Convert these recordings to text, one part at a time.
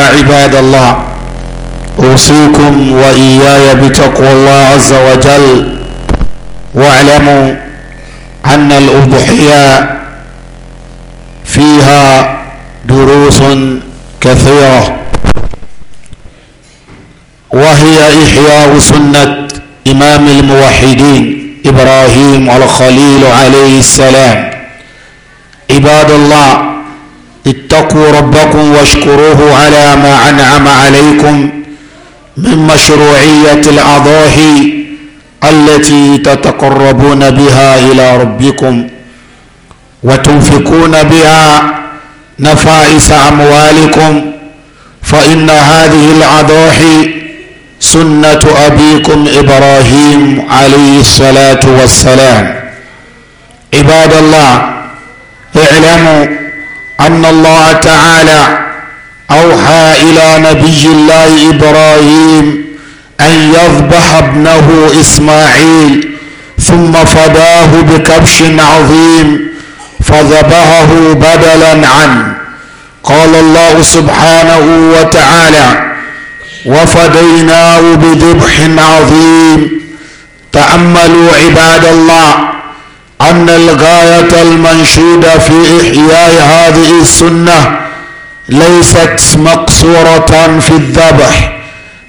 عباد الله أوصيكم وإياي بتقوى الله عز وجل واعلموا أن الأضحية فيها دروس كثيرة وهي إحياء سنة إمام الموحدين إبراهيم الخليل عليه السلام عباد الله اتقوا ربكم واشكروه على ما أنعم عليكم من مشروعية الأضاحي التي تتقربون بها إلى ربكم وتنفقون بها نفائس أموالكم فإن هذه الأضاحي سنة أبيكم إبراهيم عليه الصلاة والسلام عباد الله اعلموا أن الله تعالى أوحى إلى نبي الله إبراهيم أن يذبح ابنه إسماعيل ثم فداه بكبش عظيم فذبحه بدلا عنه قال الله سبحانه وتعالى وفديناه بذبح عظيم تأملوا عباد الله أن الغاية المنشودة في إحياء هذه السنة ليست مقصورة في الذبح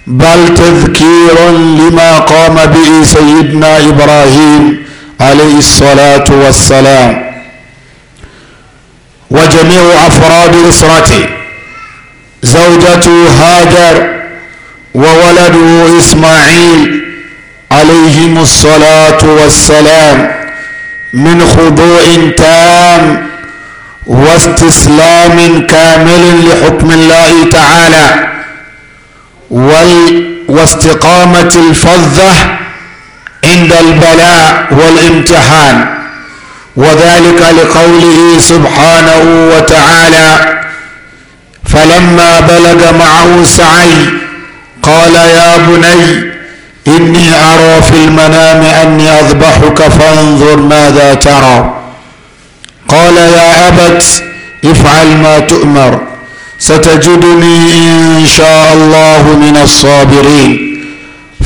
بل تذكير لما قام به سيدنا إبراهيم عليه الصلاة والسلام وجميع أفراد أسرته زوجته هاجر وولده إسماعيل عليهم الصلاة والسلام من خضوع تام واستسلام كامل لحكم الله تعالى واستقامة الفظة عند البلاء والامتحان وذلك لقوله سبحانه وتعالى فلما بلغ معه سعي قال يا بني إني أرى في المنام أني أذبحك فانظر ماذا ترى قال يا أبت افعل ما تؤمر ستجدني إن شاء الله من الصابرين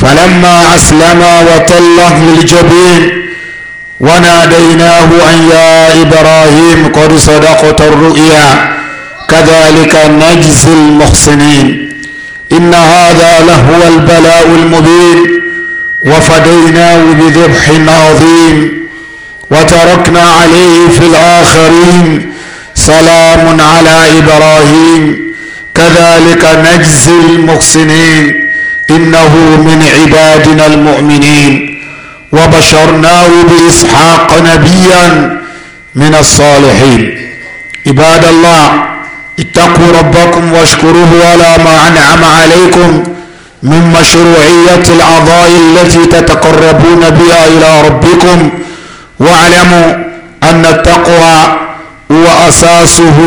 فلما أسلما وتله للجبين وناديناه أن يا إبراهيم قد صدقت الرؤيا كذلك نجزي المحسنين إن هذا لهو البلاء المبين وفديناه بذبح عظيم وتركنا عليه في الآخرين سلام على إبراهيم كذلك نجزي المحسنين إنه من عبادنا المؤمنين وبشرناه بإسحاق نبيا من الصالحين عباد الله اتقوا ربكم واشكروه على ما أنعم عليكم من مشروعية الاعضاء التي تتقربون بها إلى ربكم واعلموا أن التقوى هو أساسه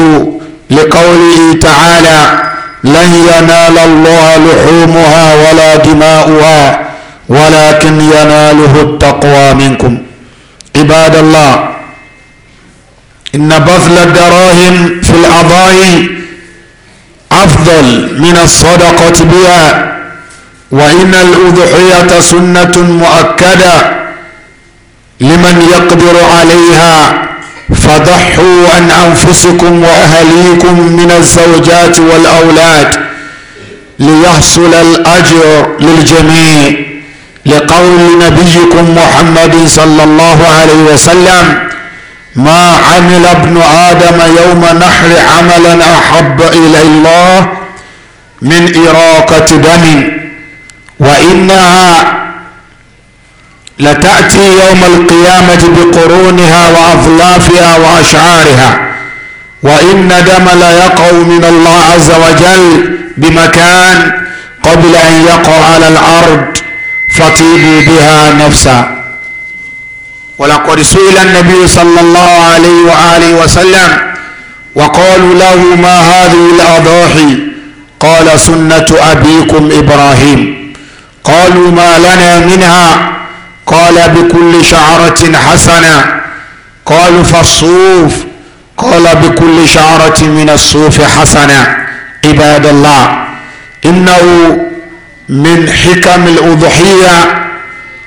لقوله تعالى لن ينال الله لحومها ولا دماؤها ولكن يناله التقوى منكم عباد الله إن بذل الدراهم في الأضاء أفضل من الصدقة بها وإن الأضحية سنة مؤكدة لمن يقدر عليها فضحوا عن أنفسكم وأهليكم من الزوجات والأولاد ليحصل الأجر للجميع لقول نبيكم محمد صلى الله عليه وسلم ما عمل ابن آدم يوم نحر عملا أحب إلى الله من إراقة دم وإنها لتأتي يوم القيامة بقرونها وأظلافها وأشعارها وإن دم ليقع من الله عز وجل بمكان قبل أن يقع على الأرض فطيبوا بها نفسا ولقد سئل النبي صلى الله عليه وآله وسلم وقالوا له ما هذه الأضاحي قال سنة أبيكم إبراهيم قالوا ما لنا منها قال بكل شعرة حسنة قالوا فالصوف قال بكل شعرة من الصوف حسنة عباد الله إنه من حكم الأضحية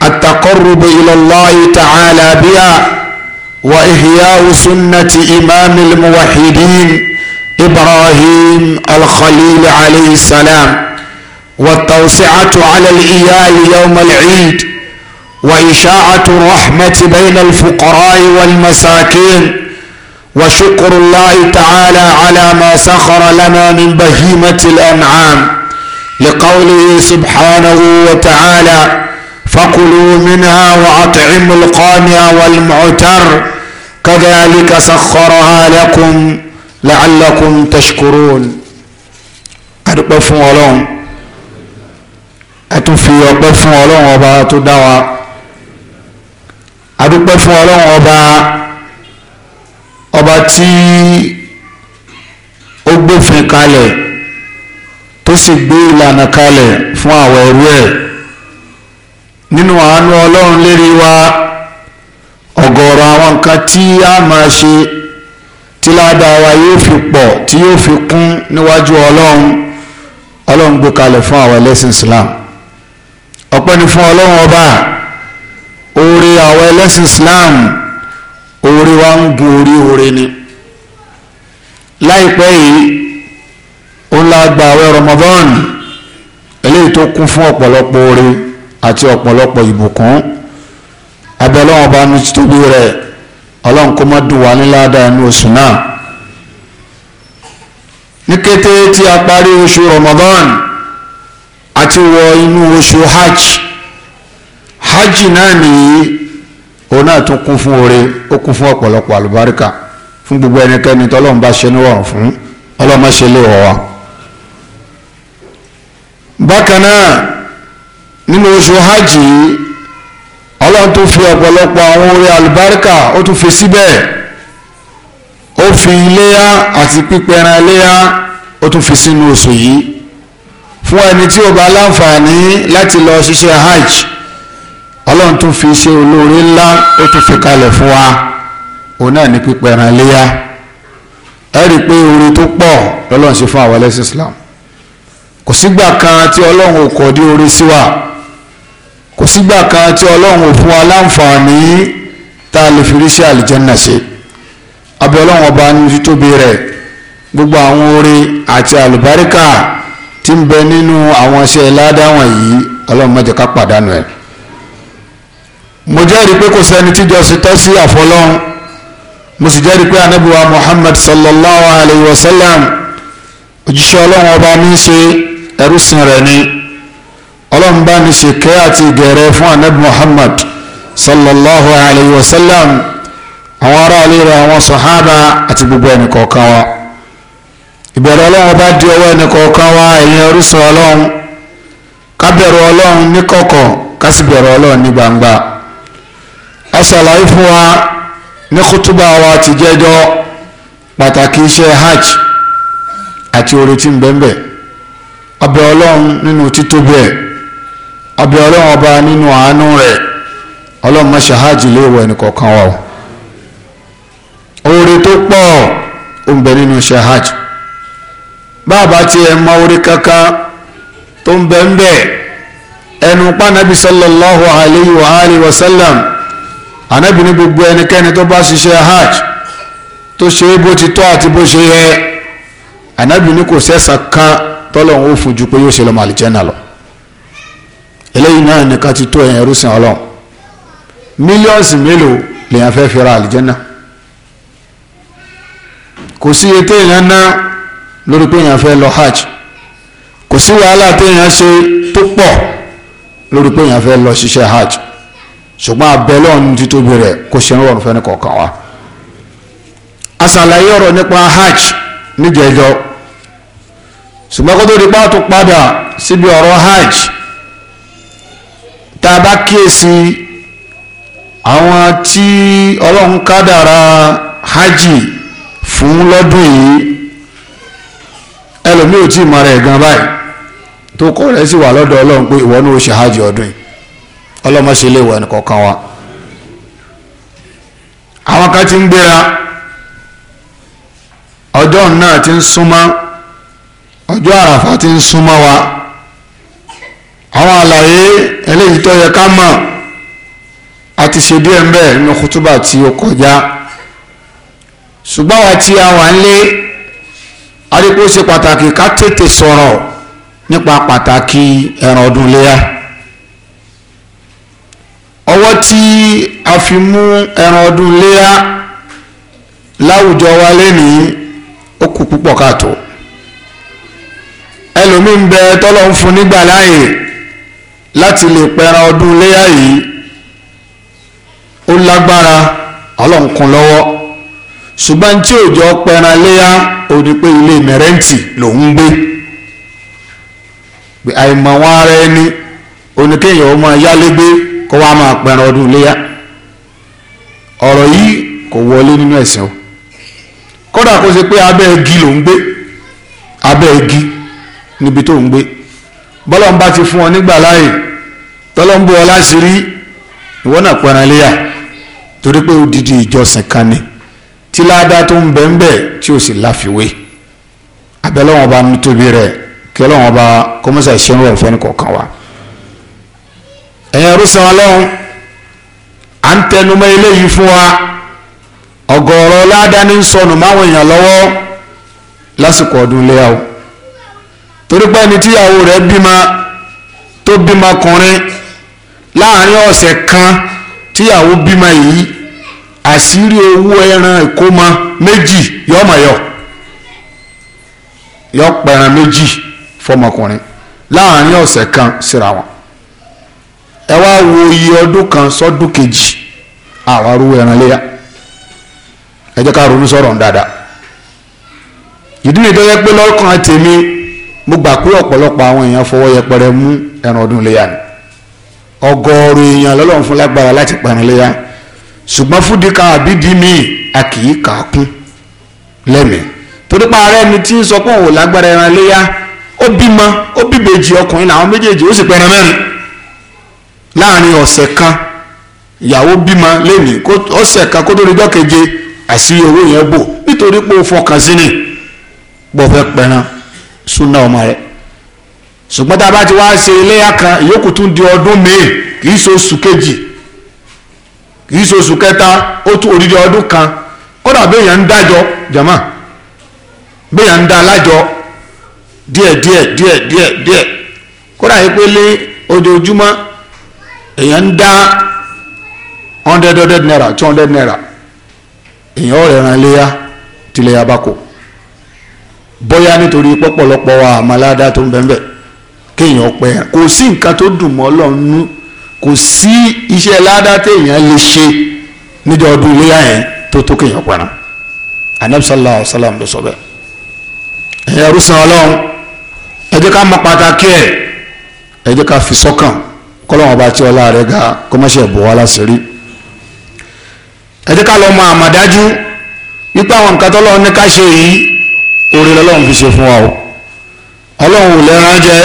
التقرب إلى الله تعالى بها وإحياء سنة إمام الموحدين إبراهيم الخليل عليه السلام والتوسعة على الإيال يوم العيد وإشاعة الرحمة بين الفقراء والمساكين وشكر الله تعالى على ما سخر لنا من بهيمة الأنعام لقوله سبحانه وتعالى فكلوا منها وأطعموا القانع والمعتر كذلك سخرها لكم لعلكم تشكرون adúpẹ́ fún ọlọ́run ẹtún fi ọpẹ́ fún ọlọ́run ọba tó dá wa adúpẹ́ fún ọlọ́run ọba ọba tí ó gbófin kalẹ̀ tó sì gbé ìlànà kalẹ̀ fún àwọn ẹrú ẹ̀ nínú àánú ọlọ́run lérí wa ọ̀gọ̀ọ̀rọ̀ àwọn nǹkan tí a máa ṣe tí ládàá wa yóò fi pọ̀ tí yóò fi kún níwájú ọlọ́run ọlọ́run gbé kalẹ̀ fún àwọn ẹlẹ́sìn islam ọpẹ́ ni fún ọlọ́run ọba oore àwọn ẹlẹ́sìn islam oore wa ń gun orí oore ni láìpẹ́ yìí ó ń la gba àwẹ̀ ramadan eléyìí tó kún fún ọ̀pọ̀lọpọ̀ oore. àti ọ̀pọ̀lọpọ̀ ìbùkún kan bá ní títóbi rẹ̀ ọlọ́run kó má dùn wá níláàdáa ní oṣù náà ní kété tí a parí oṣù Ramadan àti wọ inú oṣù hajj hajj náà nìyí òun náà tún kún fún oore ó kún fún ọ̀pọ̀lọpọ̀ àlùbáríkà fún gbogbo ẹnikẹ́ni tọ́lọ́run bá ṣe níwọ̀n fún ọlọ́run má ṣe lè wọ̀ wá bákan náà nínú oṣù hajj ọlọ́run tó fi ọ̀pọ̀lọpọ̀ àwọn orí alùbáríkà ó tún fi síbẹ̀ ó fi iléyá àti pípẹran iléyá ó tún fi sínú oṣù yìí fún ẹni tí ó bá láǹfààní láti lọ ṣiṣẹ́ hajj ọlọ́run tún fi ṣe olóore ńlá ó tún fi kalẹ̀ fún wa òun náà ní pípẹran iléyá ẹ rí i pé oore tó pọ̀ lọ́lọ́run ṣe fún àwọn ẹlẹ́sìn Islam kò sígbà kan tí ọlọ́run ò kọ́ dé oore sí wa kò sígbà kan tí ọlọ́run ò fún wa láǹfààní tá a lè fi rí sí àlìjẹ́nà ṣe abẹ́ ọlọ́run ọba ní títóbi rẹ̀ gbogbo àwọn oore àti àlùbáríkà tí ń bẹ nínú àwọn iṣẹ́ ládàwọ̀n yìí ọlọ́run má ká pàdánù ẹ̀ mo jẹ́rìí pé kò sẹ́ni tíjọ sí tọ́ sí àfọlọ́run mo sì jẹ́rìí pé anábìwá Muhammad sallallahu alayhi wa sallam òjíṣẹ́ ọlọ́run ọba ní í ṣe ẹrú sìn rẹ̀ ni ọlọ́run bá ní ṣèkẹ́ àti ìgẹ̀rẹ́ fún anabi muhammad sallallahu alayhi wa sallam àwọn ará ilé rẹ̀ àwọn sàhábà àti gbogbo ẹnì kọ̀ọ̀kan wa ìbẹ̀rù ọlọ́run bá di ọwọ́ ẹnì kọ̀ọ̀kan wa ẹ̀yin orísun ọlọ́run ká ọlọ́run ní kọ̀kọ̀ ká ọlọ́run ní gbangba a ṣàlàyé fún wa ní kútúbà wa ti jẹ́jọ́ pàtàkì iṣẹ́ hajj àti orí tí ọbẹ̀ ọlọ́run nínú títóbi ẹ̀ abẹ́ ọlọ́run ọba nínú àánú rẹ̀ ọlọ́run má ṣe hajj léèwọ̀ ẹnìkọ̀ọ̀kan wa o oore tó pọ̀ ó ń bẹ nínú ṣe hajj báàbá tiẹ̀ mọ orí kankan tó ń bẹ ń bẹ ẹnu pànàbí sallallahu alayhi wa alayhi wa sallam ànábì ní gbogbo ẹnikẹ́ni tó bá ṣiṣẹ́ hajj tó ṣe é bó ti tọ́ àti bó ṣe yẹ ànábì ní kò sẹ́sà kan tọ́lọ́run fojú pé yóò ṣe lọ́mọ àlìjẹ́nà lọ. eléyìí náà nìkan ti tó ẹ̀yìn ẹrú sìn ọlọ́run mílíọ̀nsì mélòó lèèyàn fẹ́ fi ra àlìjẹ́nà kò sí iye ná lórí lọ hajj kò sí wàhálà téèyàn ṣe tó pọ̀ lórí pé èèyàn lọ ṣiṣẹ́ hajj ṣùgbọ́n abẹ́lẹ́ ti tóbi rẹ̀ kò ṣe ń rọrùn fẹ́ni kọ̀ọ̀kan wa. a hajj níjẹ̀jọ́ ṣùgbọ́n kó tó di hajj. tá a bá kíyèsí àwọn tí ọlọ́run hajj fún lọ́dún yìí ẹlòmíì ò tí ì mọ rẹ̀ gan báyìí tó kọ́ rẹ̀ sì wà lọ́dọ̀ ọlọ́run pé ìwọ náà ṣe hajj ọdún yìí ọlọ́mọ ṣe lè wọ ẹnìkọ̀ọ̀kan àwọn kan ti ń gbéra ọjọ́ náà ti ń súnmọ́ ọjọ́ àràfà wa. àwọn àlàyé eléyìí tó yẹ ká mọ̀ a ti ṣe díẹ̀ ńbẹ̀ nínú kútúbà tí ó kọjá ṣùgbọ́n wa tí a wà ń lé arípò ṣe pàtàkì ká tètè sọ̀rọ̀ nípa pàtàkì ẹran ọdún léyà ọwọ́ tí a fi mú ẹran ọdún léyà láwùjọ wa lénìí ó kù púpọ̀ káàtó ẹlòmíín bẹ tọ́lọ́ ń fún nígbà láàyè láti lè pẹran ọdún léyà yìí ó lágbára ọlọ́nkun lọ́wọ́ ṣùgbọ́n tí òjò pẹran léyà ó ní pé ilé mẹ̀rẹ́ǹtì lòún gbé àìmọ̀ wọn ara ẹni oníkéèyàn ó máa yálégbé kó wá máa pẹran ọdún léyà ọ̀rọ̀ yìí kò wọlé nínú ẹ̀sìn o kódà kó ṣe pé abẹ́ igi lòún gbé abẹ́ igi níbi tó ń gbé bọ́lọ́n bá ti fún ọ nígbà láàyè tọ́lọ́n bó ọ láti rí ìwọ náà pẹ̀rẹ̀ léyà torí pé odidi ìjọsìn kan ni tí ládàá tó ń bẹ ń bẹ tí ó sì láfiwé abẹ́lẹ́wọ̀n bá ń tóbi rẹ̀ kí ọlọ́wọ̀n bá kọ́mọ́sà ìṣẹ́nu rẹ̀ fẹ́ni kọ̀ọ̀kan wa. ẹ̀yin arúsàn ọlọ́run à ń tẹnumọ́ eléyìí fún wa ọ̀gọ̀ọ̀rọ̀ ládàá ní sọnù máwọn èèyàn lọ́wọ́ lásìkò ọdún léyàwó torí pé ẹni tíyàwó rẹ̀ bímọ tó bímọ ọkùnrin láàrin ọ̀sẹ̀ kan tíyàwó bímọ yìí àṣírí owó ẹran ìkómọ méjì yọmọyọ yọpẹran méjì fọmọkùnrin láàrin ọ̀sẹ̀ kan síra wọn ẹ wá wo iye ọdún kan sọdún kejì àwọn arúgbó ẹran léyà ẹ jẹ́ ká ronú sọ̀rọ̀ dáadáa ìdí nìkan yẹ pé lọ́kàn tèmi mo gbà pé ọ̀pọ̀lọpọ̀ àwọn èèyàn fọwọ́ yẹpẹrẹ mú ẹran ọdún iléyà ni ọgọ́rùn èèyàn lọ́lọ́run fún lágbára láti pẹ̀rẹ̀ iléyà ṣùgbọ́n fúdìkà àbídìí mi a kì í kà á kún lẹ́mìí torí pa ara ẹni tí ń sọ pé òun ò lágbára ẹran iléyà ó bímọ ó bíbejì ọkùnrin làwọn méjèèjì ó sì pẹ̀rẹ̀ mẹ́rin láàrin ọ̀sẹ̀ kan ìyàwó bímọ lẹ́mìí ọ̀sẹ̀ kan kó tó rí gbọ́keje àṣírí owó yẹn bò nítorí pé ó fọkàn sí ni bọ́ fẹ́ pẹ̀ràn sunna ọmọ rẹ̀ ṣùgbọ́n tá a bá ti wá ṣe iléyà kan ìyókù tún di ọdún míì ka iso ṣe oṣù kejì iso su ṣe oṣù odidi ọdún kan kódà béèyàn ń dájọ jama béèyàn ń dá alájọ díẹ̀ díẹ̀ díẹ̀ díẹ̀ díẹ̀ kódà yìí lé ojoojúmọ́ èèyàn ń dá hundred hundred naira two hundred naira èèyàn ọ̀rẹ́ ran iléyà bóyá nítorí pọ́pọ̀lọpọ̀ wa àmàládá tó ń bẹ́ńbẹ́ kéèyàn pẹ́ kò sí nǹkan tó dùn mọ́ ọlọ́run kò sí iṣẹ́ ládá téèyàn lè ṣe níjọ́ ọdún iléyà yẹn tó tó kéèyàn pẹ́ràn anabi sallallahu wa sallam ló sọ bẹ́ẹ̀ ẹ̀yin arúsàn ọlọ́run ẹ jẹ́ ká mọ pàtàkì ẹ̀ ẹ jẹ́ ká fi sọ́kàn kọ́lọ́wọ́n bá tí ọlá rẹ̀ ga kọ́mọ́ṣẹ́ bò wá láṣìírí ẹ jẹ́ ká lọ mọ àmàdájú wípé àwọn nǹkan tọ́lọ́run ní ká ṣe yìí orí lọ́lọ́run fi ṣe fún wa o ọlọ́run ò lẹ́ran jẹ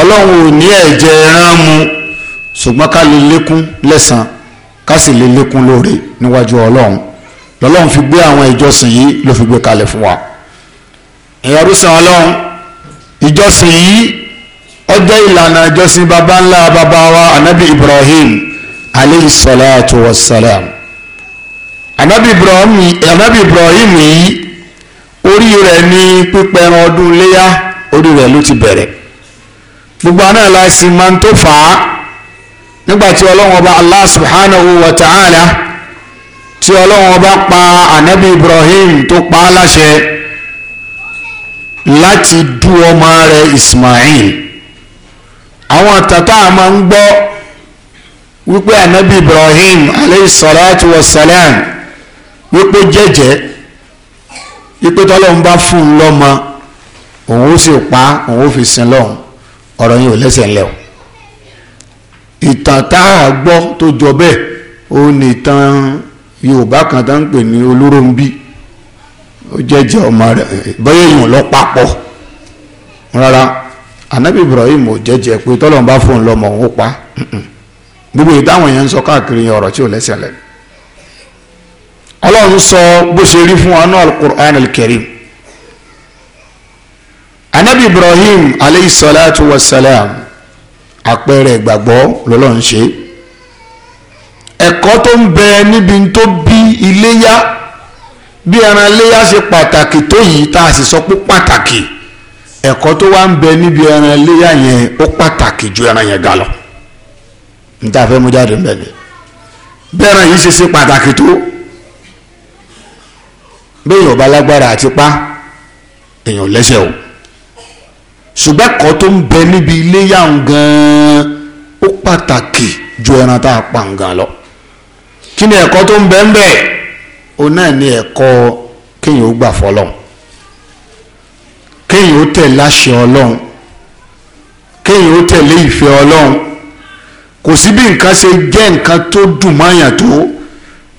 ọlọ́run ò ní ẹ̀jẹ̀ ẹran mu ṣùgbọ́n ká lè lékún lẹ́sàn ká sì lè lékún lóore níwájú ọlọ́run lọ́lọ́run fi gbé àwọn ìjọsìn yìí ló fi gbé kalẹ̀ fún wa ìyàrúsàn ọlọ́run ìjọsìn yìí ó ìlànà ìjọsìn baba ńlá baba wa anabi Ibrahim aleyhi salatu wa salam anabi Ibrahim yìí orí rẹ̀ ní pípẹran ọdún léyà orí rẹ̀ ló ti bẹ̀rẹ̀ gbogbo anáà la sì máa ń tó fà á nígbàtí ọlọ́run ọba allah subhanahu wa ta'ala tí ọlọ́run ọba pa anabi ibrahim tó pa á láṣẹ láti dú ọmọ rẹ̀ ismail àwọn tata máa ń gbọ́ wípé anabi ibrahim aleyhi salatu wa salam wípé jẹ́jẹ́ ipe tọ́lọ́run bá fún un lọ́mọ òun ó sì pa òun ó fi sin lọ́hùn ọ̀rọ̀ yìí ò lẹ́sẹ̀ ńlẹ̀ o ìtàn tá a gbọ́ tó jọ bẹ́ẹ̀ ó ní ìtàn Yorùbá kan tá ń pè ní Olóròǹbí ó jẹ́jẹ́ ọmọ rẹ̀ bóyá èèyàn lọ papọ̀ rárá Ànábì Ibrahim ò jẹ́jẹ́ pé tọ́lọ́run bá fún un lọ́mọ òun ó pa gbogbo ìdáhùn yẹn ń sọ káàkiri ọ̀rọ̀ tí ò lẹ́sẹ̀ lẹ́nu ọlọ́run sọ bó ṣe rí fún anú al-Qur'an al-Karim anabi Ibrahim aleyhi salatu wa salam àpẹẹrẹ ìgbàgbọ́ lọ́lọ́run ṣe ẹ̀kọ́ tó ń bẹ níbi tó bí iléyá bí ẹran iléyá ṣe pàtàkì tó yìí tá a sì sọ pé pàtàkì ẹ̀kọ́ tó wá ń bẹ níbi ẹran iléyá yẹn ó pàtàkì ju ẹran yẹn ga lọ níta fẹ́ mú jáde ń bẹ̀ ni bẹ́ẹ̀ ẹran yìí ṣe ṣe pàtàkì tó bẹ́ẹ̀ ọba lágbára àti pa èèyàn lẹ́sẹ̀ o ṣùgbọ́n ẹ̀kọ́ tó ń bẹ níbi ilé yàwùn gan-an ó pàtàkì ju ẹran tá a pa nǹkan lọ kí ni ẹ̀kọ́ tó ń bẹ ń bẹ o náà ní ẹ̀kọ́ kéèyàn ó gbà fọlọ́n kéèyàn ó tẹ̀ láṣẹ ọlọ́run kéèyàn ó tẹ̀lé ìfẹ́ ọlọ́run kò sí bí nǹkan ṣe jẹ́ nǹkan tó dùn máyàn tó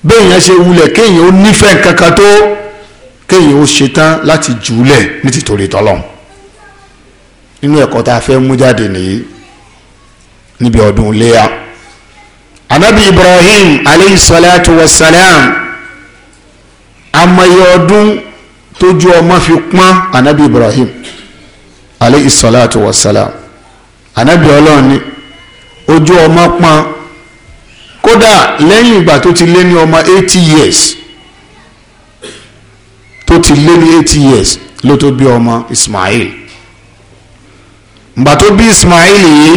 béèyàn ṣe wulẹ̀ kéèyàn ó nífẹ̀ẹ́ nǹkan kan tó kéèyàn ó ṣetán láti jùúlẹ̀ ní tìtorí tọ́lọ́n nínú ẹ̀kọ́ tá a fẹ́ mú jáde nìyí níbi ọdún léa anabi ibrahim aleyhi salatu wa salam amaye ọdún tójú ọmọ fi pọ́n anabi ibrahim aleyhi salatu wa salam anabi ọlọ́run ni ojú ọmọ pọ́n kódà lẹ́yìn ìgbà tó ti lé ní ọmọ eighty years tó ti lé ní eighty years ló tó bí ọmọ Ismail ǹgbà tó bí Ismail yìí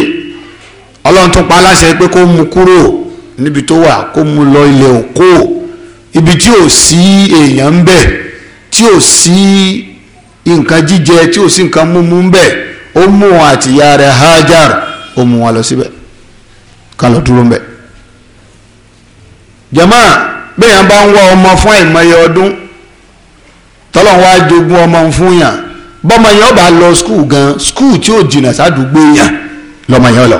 ọlọ́run tó pa aláṣẹ pé kó mú kúrò níbi tó wà kó mú lọ ilẹ̀ òkú ibi tí ò sí èèyàn bẹ̀ tí ò sí nǹkan jíjẹ tí ò sí nǹkan múmú bẹ̀ ó mú wọn àti rẹ̀ Hajar ó mú wọn lọ síbẹ̀ ká lọ dúró ń bẹ̀ jama bẹ́ẹ̀ yẹn bá ń wá ọmọ fún àìmọye ọdún tọ́lọ̀ wá jogún ọmọ fún yàn bọ́mọ yẹn ó bá lọ skul gan skul tí ò jìnnà sádùúgbò yàn lọ́mọ yẹn lọ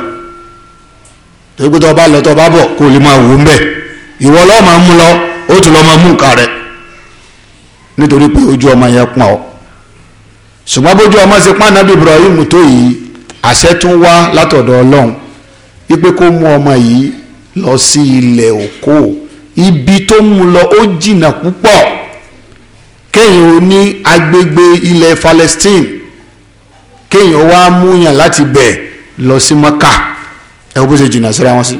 torí pé tó bá lọ tó bá bọ̀ kó lè máa wò ń bẹ̀ ìwọ lọ́ọ́ máa mú lọ ó tún lọ́ọ́ máa mú nǹkan rẹ̀ nítorí pé ojú ọmọ yẹn pọn ọ ṣùgbọ́n bójú ọmọ ṣe pọ́n Ànábì Ibrahim tó yìí àṣẹ tún wá látọ̀dọ̀ Ọlọ́run wípé kó mú ọmọ yìí lọ sí ilẹ̀ òkú ibi tó mú lọ ó jìnnà púpọ̀ kéèyàn ò ní agbègbè ilẹ̀ Palestine kéèyàn wá múyàn láti bẹ̀ lọ sí Mọ́kà ẹ bó ṣe jìnnà síra wọn sí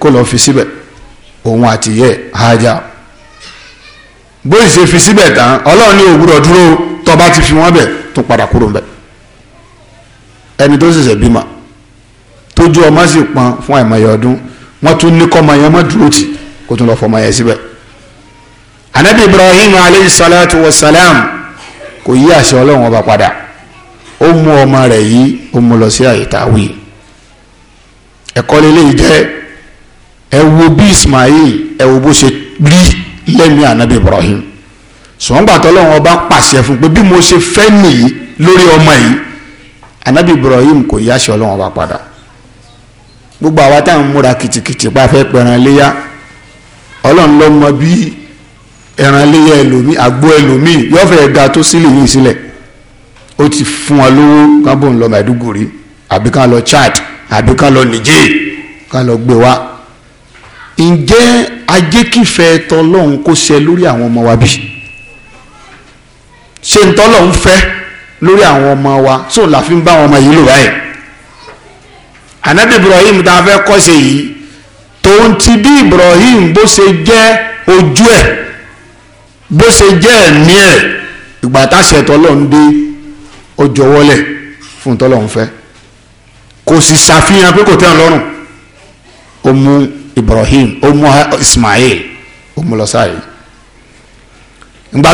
kó lọ́ọ́ fi síbẹ̀ òun àti yẹ hajà bó ṣe fi síbẹ̀ tán Ọlọ́run ní òwúrọ̀ dúró tó bá ti fi wọ́n bẹ̀ tó padà kúrò ńbẹ̀ ẹni tó ṣẹ̀ṣẹ̀ bímọ tójú ọmọ sì pọn fún àìmọye ọdún wọ́n tún ní kọ́mọ yẹn mọ́ dúró tì kó tún lọ́ọ́ fọmọ yẹn síbẹ̀ anabi ibrahim aleyhi salatu wa salam kò yí àṣẹ ọlọ́run ọba padà ó mú ọmọ rẹ̀ yìí ó mú lọ sí àyètàwí ẹ̀kọ́ lélẹ́yìí jẹ́ ẹ wo bí ismail ẹ wo bó ṣe rí lẹ́mí anabi ibrahim sọ̀ǹgbà tọ́lọ́run ọba pàṣẹ fún pé bí mo ṣe fẹ́ nìyí lórí ọmọ yìí anabi ibrahim kò yí àṣẹ ọlọ́run ọba padà gbogbo àwa táwọn múra kìtìkìtì pa fẹ́ pẹran léyà ọlọ́run ló mọ bí ẹran iléyà ẹlòmíì àgbo ẹlòmíì yọ̀fẹ̀ ẹ̀dá tó sílẹ̀ yìí sílẹ̀ ó ti fún wọn lówó kán bò ń lọ Maiduguri àbí kán lọ Chad àbí kán lọ Niger kán lọ gbé wa ǹjẹ́ ajékìfẹ́ tọlọ́hún kó ṣe lórí àwọn ọmọ wa bí ṣé ń tọ́lọ́hún fẹ́ lórí àwọn ọmọ wa tó la fi ń bá àwọn ọmọ yìí lò báyìí anabi Ibrahim tá a fẹ́ kọ́ ṣe yìí tòun ti bí Ibrahim bó ṣe jẹ́ ojú ẹ̀ bó ṣe jẹ́ ẹ̀mí ẹ̀ ìgbà táṣẹ tọ́lọ́run dé ó jọwọ́lẹ̀ fún tọ́lọ́run fẹ́ kò sì ṣàfihàn pé kò tẹ́ ọ lọ́rùn ó mú Ibrahim ó mú Ismail ó mú ìgbà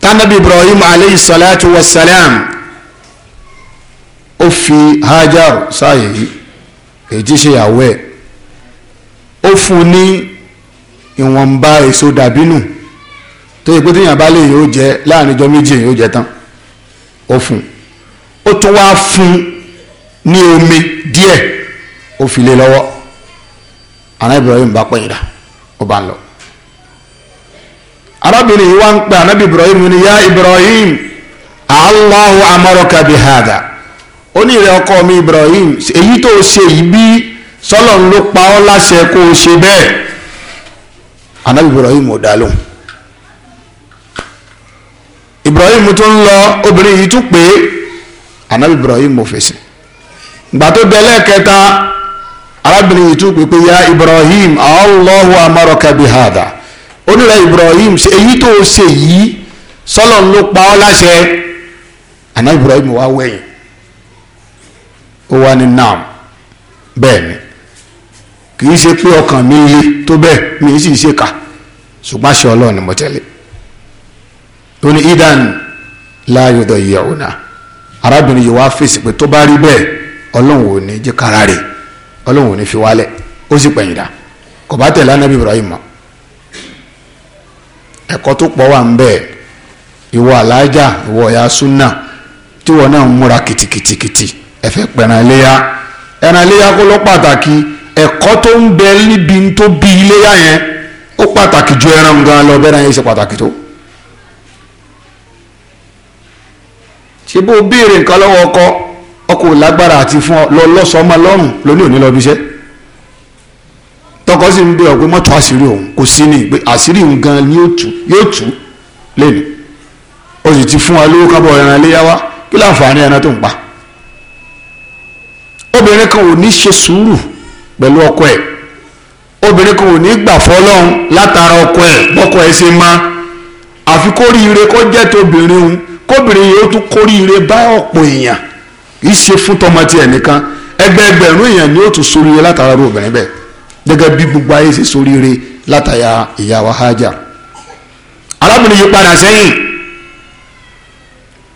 tó Ibrahim aleyhi salatu wa salam ó fi Hajar sáàyè yìí èyí tí ṣe yàwó ẹ̀ ó ìwọ̀nba èso dàbínù tó yẹ pé téèyàn bá lè yóò jẹ láàrin ọjọ́ méjì yóò jẹ tán ó fún ó tún wá fún ní omi díẹ̀ ó fi Ibrahim bá pẹ̀yìn rà ó bá ń lọ arábìnrin wá ń ibrahim ni ya ibrahim ó ní mi ibrahim èyí tó ṣe yìí bí ló pa ọ́ láṣẹ kó o ṣe bẹ́ẹ̀ anabi ibrahim ò dá lóhùn ibrahim tó ń lọ obìnrin yìí tún pé anabi ibrahim ò fèsì gbà tó délé kẹta arábìnrin yìí tún pé pé ya ibrahim allahu amaraka bihada onírẹ ibrahim èyí tó o ṣe yìí sọlọ ló pa ọ́ láṣẹ anabi ibrahim wá wẹ̀yìn ó wá ní naam bẹ́ẹ̀ ni kì í ṣe pé ọkàn mi le tó bẹ́ẹ̀ mi sì ṣe kà ṣùgbọ́n aṣọ ọlọ́run ni ó ní idan láàyò dọ̀ ìyàwó náà arábìnrin yìí wá fèsì pé tó bá rí bẹ́ẹ̀ ọlọ́run ò ní jẹ́ kára rè ọlọ́run ò ní fi wálẹ̀ ó sì kò bá tẹ̀lé anábì Ibrahim mọ́ ẹ̀kọ́ tó pọ̀ wà ń ìwọ ẹ̀kọ́ tó ń bẹ níbi tó bí iléyà yẹn ó pàtàkì ju ẹran gan lọ bẹ́ẹ̀ náà yẹn ṣe pàtàkì tó. ṣé bó o béèrè nǹkan lọ́wọ́ ọkọ ọkọ lágbára àti fún ọ lọ lọ́sọ̀ọ́ ọmọ lọ́rùn lóní òní lọ bí iṣẹ́ tọkọ sì ń bẹ ọ pé mọ́tò àṣírí òun kò sí ní pé àṣírí òun gan ni yóò tú lẹ́nu o sì ti fún wa lówó kábọ̀ ẹran iléyàwó kí láǹfààní ẹran tó ń pa obìnrin kan ò ní ṣe sùúrù pẹ̀lú ọkọ ẹ̀ obìnrin kan ò ní gbà fọlọ́run látara ọkọ ẹ̀ bọ́kọ ẹ̀ ṣe má àfi kóríire kó jẹ́ tóbìnrin òun kóbìnrin yìí ó tún kóríire bá ọ̀pọ̀ èèyàn kì fún tọmọ tiẹ̀ nìkan èèyàn ni ó tún látara obìnrin bẹ́ẹ̀ gẹ́gẹ́ gbogbo ayé ṣe látara ìyá wa arábìnrin yìí padà sẹ́yìn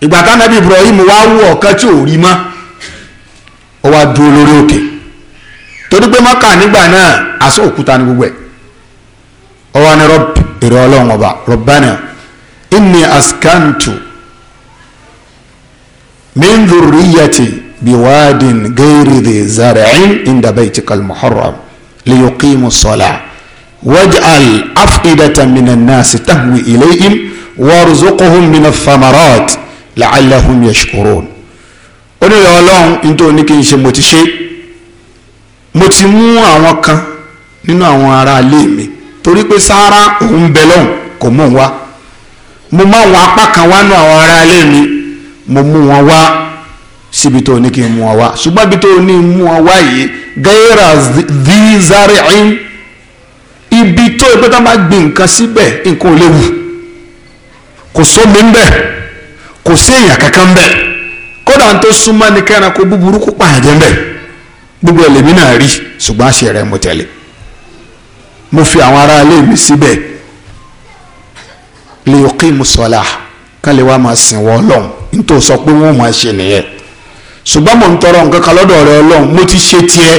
ìgbà Ibrahim wá wú ọ̀kan tí ò rí mọ́ wá dúró lórí òkè torí pé mọ́kà nígbà náà aṣọ òkúta ní gbogbo ẹ̀ ọwọ́ ni rọ́b èrè ọlọ́run ọba rọ́bánà inni askantu min dhurriyati biwadin gairi dhi zar'in inda baytikal muharram liyuqimu as-salah waj'al af'idatan minan nasi tahwi ilayhim warzuqhum min ath la'allahum yashkurun ó ní ọlọ́run nítorí kí n ṣe mo ti ṣe ti mú àwọn kan nínú àwọn ará ilé mi torí pé sáárá òun bẹ lọ́hùn kò mú un wá mo má wọn apá kan wá nú àwọn ará ilé mi mo mú wọn wá síbi tó ní kí n mú wọn wá ṣùgbọ́n ibi tó ní mú wọn wá yìí gẹ́rà dí zari'in ibi tó ibi tó máa gbin nǹkan síbẹ̀ nǹkan ò léwu kò sómi ńbẹ̀ kò sí èèyàn kankan ńbẹ̀ kódà tó súnmọ́ ni kẹ́ran kó búburú kó pààyàn jẹ́ ńbẹ̀ gbogbo ẹlẹ́mí náà rí ṣùgbọ́n àṣẹ rẹ̀ mo tẹ̀lé mo fi àwọn ará ilé mi síbẹ̀ lè kí musọ́lá kálí wàá máa sìn wọ́n ọlọ́run nítorí sọ pé wọ́n máa ṣe nìyẹn ṣùgbọ́n mo ń tọrọ nǹkan kan lọ́dọ̀ rẹ ọlọ́run mo ti ṣe tiẹ̀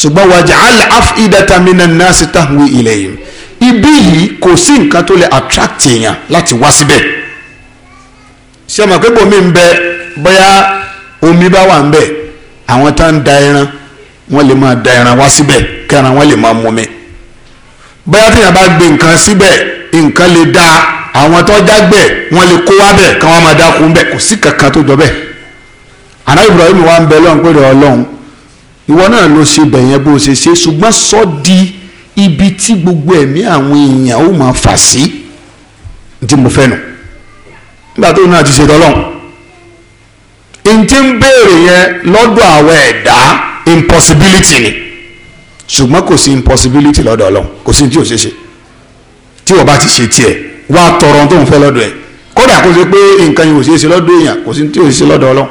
ṣùgbọ́n waj'al af'idatan minan nas tahwi ilayhim ibí yìí kò sí nǹkan tó lè attract èèyàn láti wá síbẹ̀ ṣé ọmọ pé bòmí ń bẹ bóyá omi bá wà ń bẹ̀ àwọn tá ń da ẹran wọ́n lè máa da ẹran wá síbẹ̀ kẹran wọ́n lè máa mú bóyá tí bá gbé nǹkan síbẹ̀ nǹkan lè da àwọn tó dágbẹ̀ wọ́n lè kó wá bẹ̀ kí wọ́n máa dákun bẹ̀ kò sí kankan tó jọ bẹ́ẹ̀ àná Ibrahim wa ń bẹ lọ́run pé rẹ̀ ọlọ́run ìwọ náà ló ṣe bẹ̀ yẹn bó ṣe ṣe ṣùgbọ́n sọ di ibi tí gbogbo ẹ̀mí àwọn èèyàn ó máa fà sí tí mo fẹ́ nù nígbà tó náà ti ṣe tọ́lọ́run ntí ń béèrè yẹn lọ́dọ̀ àwọn ẹ̀dá impossibility ni ṣùgbọ́n kò sí impossibility lọ́dọ̀ ọlọ́run kò sí tí ò ṣe ṣe tí wọ́n bá ti ṣe tiẹ̀ wá tọrọ tó ń fẹ́ lọ́dọ̀ ẹ̀ kódà kó ṣe pé nǹkan yìí ò ṣe é ṣe lọ́dọ̀ èèyàn kò sí tí ò ṣe ṣe lọ́dọ̀ ọlọ́run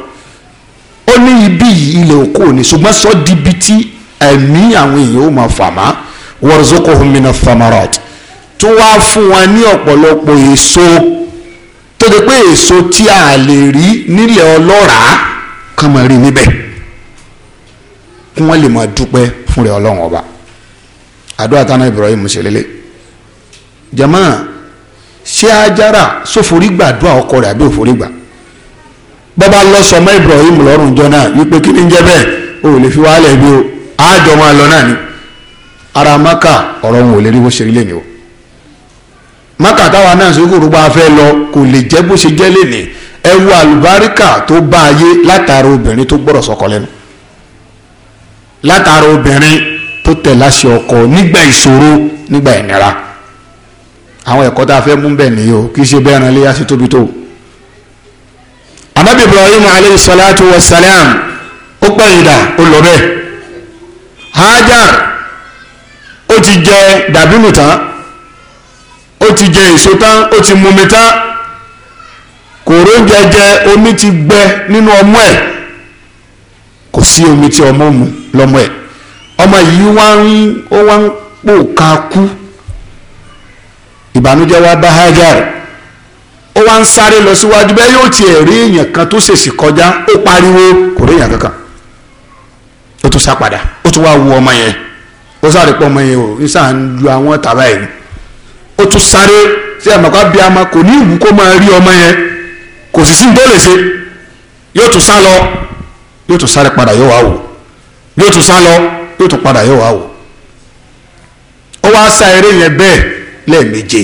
ó ní ibi yìí ilẹ̀ òkú ni ṣùgbọ́n sọ di ibi tí ẹ̀mí àwọn èèyàn ó máa fàmà warzuquhum mina thamarat tó wá fún wọn ní ọ̀pọ̀lọpọ̀ èso tó de pé èso tí a lè rí nílẹ̀ ọlọ́ràá kàn máa rí níbẹ̀ kí wọ́n lè máa dúpẹ́ fún rẹ̀ ọlọ́run ọba àdúrà tánà Ibrahim ṣe lélẹ̀ jama ṣé ajára sóforí gbàdúrà ọkọ rẹ̀ àbí òforí gbà bàbá lọ sọmọ Ibrahim lọ́rùn jọ náà wípé kí ni ń jẹ́ bẹ́ẹ̀ o ò lè fi wàhálà ẹbí o àjọ máa lọ náà ni ara maka ọ̀rọ̀ wọn ò lè rí bó ṣe rí lẹ́nu o maka táwa náà sókòrò bá a fẹ́ lọ kò lè jẹ́ bó ṣe jẹ́ lẹ́nì ẹ wo àlùbáríkà tó bá a yé látara obìnrin tó gbọ́dọ̀ sọkọ lẹ́nu látara obìnrin tó tẹ̀ láṣẹ ọkọ nígbà ìṣòro nígbà ìnira àwọn ẹ̀kọ́ tá a fẹ́ mú bẹ̀ nìyí o kì í ṣe bẹ́ẹ̀ ránlé yáṣẹ́ tóbi tó. anabi ibrahim aleyhi salatu wa salam ó pẹ̀yìndà ó lọ bẹ́ẹ̀ hajar ó ti jẹ dàbínú tán ó ti jẹ èso tán ó ti mumi tán kòró jẹjẹ omi ti gbẹ nínú ọmú ẹ̀ kò sí omi tí ọmọ mu lọ́mọ ẹ̀ ọmọ yìí wá ń ó wá ń pò ká kú ìbànújẹ́ wá bá Hajar ó wá ń sáré lọ síwájú bẹ́ẹ̀ yóò tiẹ̀ rí èèyàn kan tó ṣèṣì kọjá ó pariwo kò rí èèyàn kankan ó tún sá padà ó tún wá wo ọmọ yẹn ó sáré pọ̀ ọmọ yẹn ó ń sàn ju àwọn tàbá yẹn ó tún sáré sí àmàkà bí ama kò ní ìwú kó máa rí ọmọ yẹn kò sì sí ní tó lè ṣe yóò tún sá lọ yóò tún sáré padà yóò wá wò yóò tún sá lọ yóò tún padà yóò wá wò ó wá sá eré yẹn bẹ́ẹ̀ lẹ́ẹ̀méje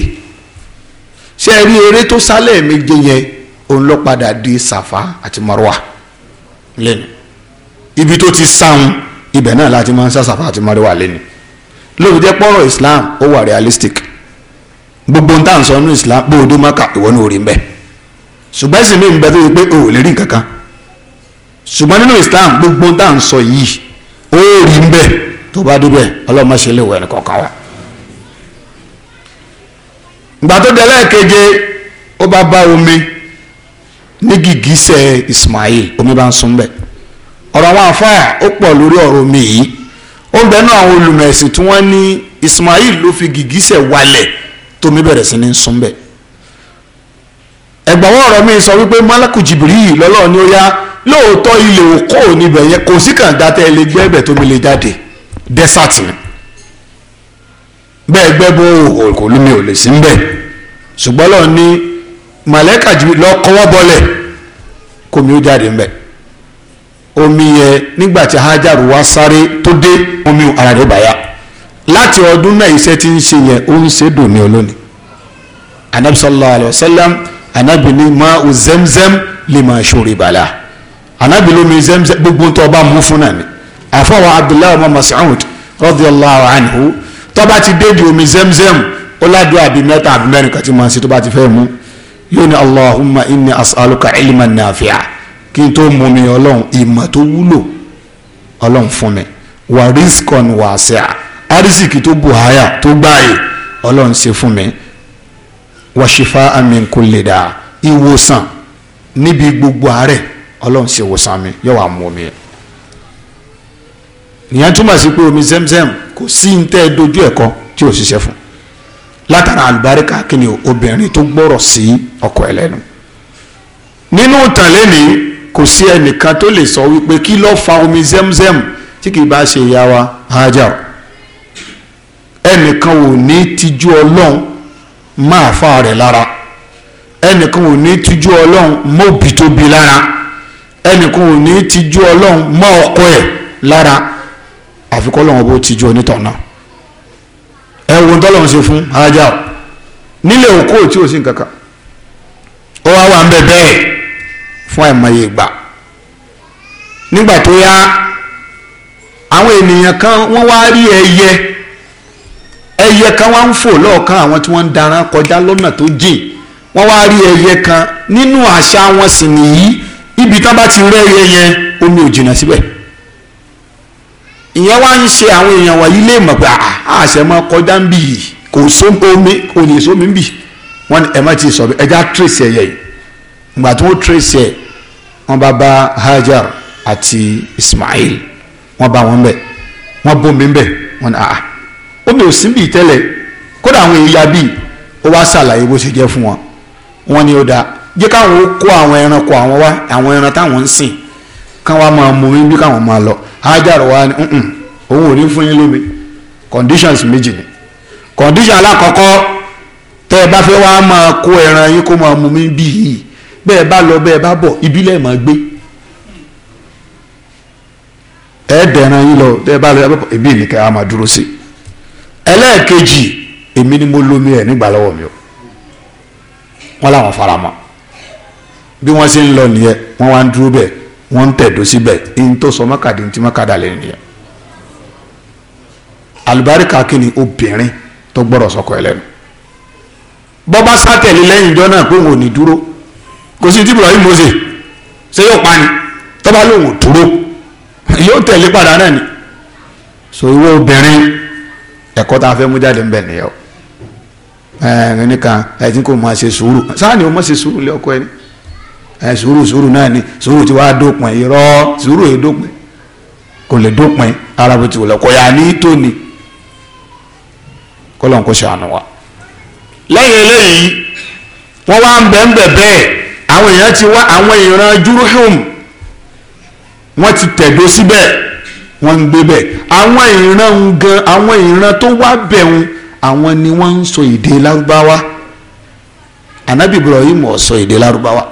ṣé ẹ rí eré tó sá lẹ́ẹ̀méje yẹn òun lọ padà di Sàfà àti Marwa lẹ́nu ibi tó ti sáhun ibẹ̀ náà láti máa ń sá Sàfà àti Marwa lẹ́nu lóòótọ́ pọ́rọ̀ Islam ó wà realistic gbogbo ń tàn sọ islam pé odó maka ìwọ ní orí ń ṣùgbọ́n mi ń bẹ tó yẹ pé o ò lè rí gbogbo ń tàn sọ yìí ó rí ń tó bá débẹ̀ ọlọ́mọ ṣe lè wọ ẹnì keje wa. ìgbà tó dé lẹ́ẹ̀keje ó bá bá Ismail omi bá ń sun bẹ́ẹ̀ ọ̀rọ̀ àwọn àfáà ó pọ̀ lórí ọ̀rọ̀ omi yìí ó ń bẹ́ẹ̀ náà àwọn tómi bẹ̀rẹ̀ sí ní sun bẹ̀. ẹ̀gbọ́n ọ̀rọ̀ mi sọ wípé malaku jibiri lọ́lọ́ ni ó yá lóòótọ́ ilé òkó níbẹ̀ yẹn kò sí kàn dátẹ́ ilé gbẹ́bẹ̀ tómi lè jáde desert ni bẹ́ẹ̀ gbẹ́ bó òkò lómi ò lè sí bẹ́ẹ̀ ṣùgbọ́n lọ́ọ̀ ni màlẹ́kà jibiri lọ́ọ́ kọ́wọ́ bọ́lẹ̀ kómi ó jáde ń omi yẹn nígbà tí wa sáré tó dé omi ara rẹ̀ bàyà láti ọdún náà iṣẹ́ tí ń ṣe yẹn ó ń ṣe dòní olónìí anabi sallallahu alayhi wa sallam anabi ni ma o zemzem lè máa ṣòro ìbàlá anabi lomi zemzem gbogbo tó bá mú fún náà ni àfọwọ́ abdullahi ọmọ mas'ud radiyallahu anhu tó bá ti débi omi zemzem ó ládùú àbí mẹ́ta àbí mẹ́rin kan tí màá ṣe tó bá ti fẹ́ mu yóò ní allahumma inni as'aluka ilman nafi'a kí n tó mú mi ọlọ́run ìmọ̀ tó wúlò ọlọ́run fún mi wa rizqan wasi'a arísìkì tó buhaya tó gbáàyè ọlọ́run ṣe fún mi wàṣífà min kulli da ìwòsàn níbi gbogbo àárẹ̀ ọlọ́run ṣe ìwòsàn mi yóò wá mú omi yẹn nìyẹn túmọ̀ sí pé omi zemzem kò sí ń tẹ́ dojú ẹ̀kọ́ tí ò ṣiṣẹ́ fún látara àlùbáríkà kí ni obìnrin tó gbọ́rọ̀ sí ọkọ ẹlẹ́nu nínú tàlẹ́ kò sí ẹnìkan tó lè sọ wípé kí ló fa omi zemzem tí kì í bá ṣe ìyá wa hajar ẹnìkan ò ní tijú ọlọ́run máa fa rẹ̀ lára ẹnìkan ò ní tijú ọlọ́run mọ́ òbí tó bí lára ẹnìkan ò ní tijú ọlọ́run mọ́ ọkọ ẹ̀ lára àfikọ́ ọlọ́run bó tijú onítọ̀nà ẹ wo tọ́lọ́run ṣe fún ajá o nílé òkú ò ò sí nǹkan ó wá wà ń bẹ bẹ́ẹ̀ fún àìmọye ìgbà nígbà tó yá àwọn ènìyàn kan wọ́n wá rí ẹyẹ. E ẹyẹ kan wá ń fò lọ́ọ̀kan àwọn tí wọ́n ń daran kọjá lọ́nà tó jìn wọ́n wá rí ẹyẹ kan nínú àṣà wọn sì nìyí ibi tán bá ti rẹ́ ẹyẹ yẹn omi ò jìnnà síbẹ̀ ìyẹn wá ń ṣe àwọn èèyàn wọ̀nyí lè mọ̀ pé àṣẹ ah, máa kọjá ń bì yìí kò sómi omi kò ní sómi ń bì wọ́n ẹ̀ má ti sọ ẹja trace ẹyẹ yìí ìgbà tí wọ́n trace ẹ̀ wọ́n bá bá Hajar àti Ismail wọ́n bá wọn bẹ̀ wọ́n bómi bẹ̀ wọ́n ní àá ah, ah, omi ò síbi tẹ́lẹ̀ kódà àwọn èèyàn bíi ó wá ṣàlàyé bó ṣe jẹ́ ni ó dáa jẹ́ káwọn ó kó àwọn ẹranko àwọn wá àwọn ẹran táwọn ń sìn kán wá máa mú bí káwọn máa lọ Hajar wa ni òun ò ní fún yín lómi conditions méjì ni condition alákọ̀ọ́kọ́ tẹ́ ẹ bá fẹ́ wá máa kó ẹran yín kó máa mú mi bẹ́ẹ̀ bá lọ bẹ́ẹ̀ bá bọ̀ ìbílẹ̀ máa lọ tẹ́ ẹ bá lọ ìbí máa dúró ẹlẹ́ẹ̀kejì èmi ni mo lomi ẹ̀ nígbà lọ́wọ́ mi o wọ́n làwọn fara mọ́ bí wọ́n ṣe ń lọ nìyẹn wọ́n wá ń dúró bẹ́ẹ̀ wọ́n ń tẹ̀dó síbẹ̀ ihun tó sọ mọ́kàdé ní ti mọ́kàdá lẹ́nu nìyẹn àlùbáríkà kí ni obìnrin tó gbọ́dọ̀ sọkọ ẹ bọ́bá sátẹ̀lì lẹ́yìn ìjọ náà pé òun ò ní dúró kò sí tí Ibrahim Mose ṣe yóò pa ni tọ́ba lòun ò dúró yóò tẹ̀lé padà náà ni so ìwé obìnrin ẹ̀kọ́ tá a fẹ́ mú jáde ń bẹ̀ nìyẹn o ẹ̀ẹ́n nìkan ẹ̀ tí kò máa ṣe sùúrù sáàni o máa ṣe sùúrù lé ọkọ ẹni ẹ̀ sùúrù sùúrù náà ni sùúrù ti wá dópin irọ́ sùúrù yìí dópin kò lè dópin ara bó ti wọlé kò yà ní tóni kó lóun kó ṣàánú wa. lẹ́yìn eléyìí wọ́n wá ń bẹ̀ ń bẹ̀ bẹ́ẹ̀ àwọn èèyàn ti wá àwọn ìran júrúhùn wọ́n ti tẹ̀dó síbẹ̀ wọ́n ń gbé bẹ̀ àwọn ìran gan àwọn ìran tó wá bẹ̀ ń àwọn ni wọ́n ń sọ èdè lárúbáwá anabi ibrahim ò sọ èdè lárúbáwá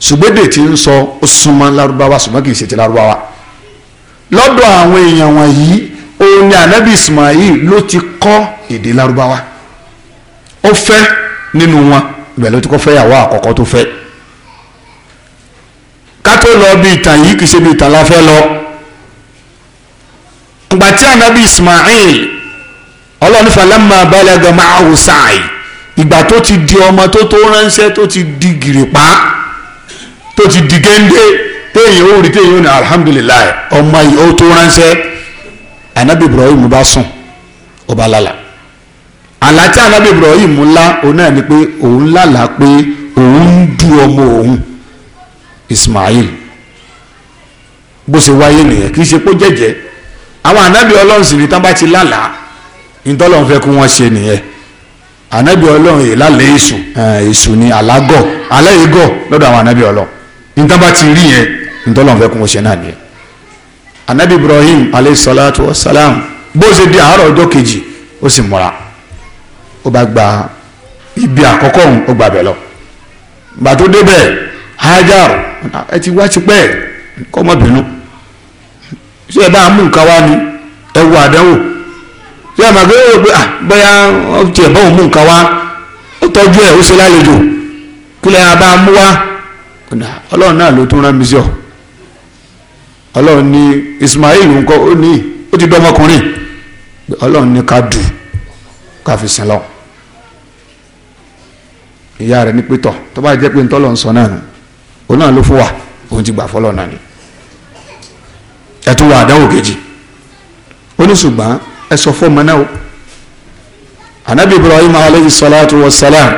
ṣùgbọ́n èdè tí ń sọ ó súnmọ́ lárúbáwá ṣùgbọ́n kì í ṣe ti lárúbáwá lọ́dọ̀ àwọn èèyàn wọ̀nyí òun ni anabi ismail ló ti kọ́ èdè lárúbáwá ó fẹ́ nínú wọn ibẹ̀ ló ti kọ́ fẹ́yàwó àkọ́kọ́ tó fẹ́ ká tó lọ bí ìtàn yìí kì í ṣe bí ìtàn la lọ gbàtí anabi ismail ọlọ́run falama balaga ma'ahu sa'i ìgbà tó ti di ọmọ tó tó ránṣẹ́ tó ti di gìrìpá tó ti di géńdé téèyàn ó rí téèyàn ó ní alihamudulilayi ọmọ yìí ó tó ránṣẹ́ anabi ibrahim bá sùn ó bá lálà àlá anabi ibrahim ńlá òun náà ni pé òun lálà pé òun ń du ọmọ òun ismail bó ṣe wáyé nìyẹn kì í ṣe pé jẹ́jẹ́ àwọn ànábì ọlọ́run sì ní tán bá ti lálàá ìtọ́lọ́run fẹ́ kó wọ́n ṣe nìyẹn ànábì ọlọ́run yìí lálẹ́ èṣù eh, èṣù ni àlágọ̀ aláìgọ̀ lọ́dọ̀ àwọn ànábì ọlọ́run ìtàn bá ti rí yẹn ìtọ́lọ́run fẹ́ kó wọ́n ṣe náà nìyẹn ànábì Ibrahim aleyhisalatu wasalam bó ṣe di àárọ̀ ọjọ́ kejì ó sì múra ó bá gba ibi àkọ́kọ́ òun ó gbàbẹ̀ lọ gbà débẹ̀ Hajar ẹ ti wá tipẹ́ kọ́mọ́bìnrin ṣé ẹ bá mú nǹkan wá ni ẹ wo àdánwò ṣé ẹ màgbé yóò pé bóyá ọtí ẹ bá òun mú nǹkan wá ó tọ́jú ẹ̀ ó ṣe lálejò kílẹ̀ a bá mú wá ọlọ́run náà ló tún rán mi sí ọ ọlọ́run ní Ismail ńkọ ó ní ó ti dọ́mọkùnrin ọlọ́run ní ká dù ká fi sin lọ ìyá rẹ̀ ní pétọ̀ tó bá jẹ́ pé ntọ́lọ́ ń sọ náà òun náà ló fún wa òun ti gbà fọlọ́ náà ni ẹ tún wọ àdánwò kejì ó ní ṣùgbọ́n ẹ sọ fún ọmọ náà o anabi ibrahim aleyhi salatu wa salam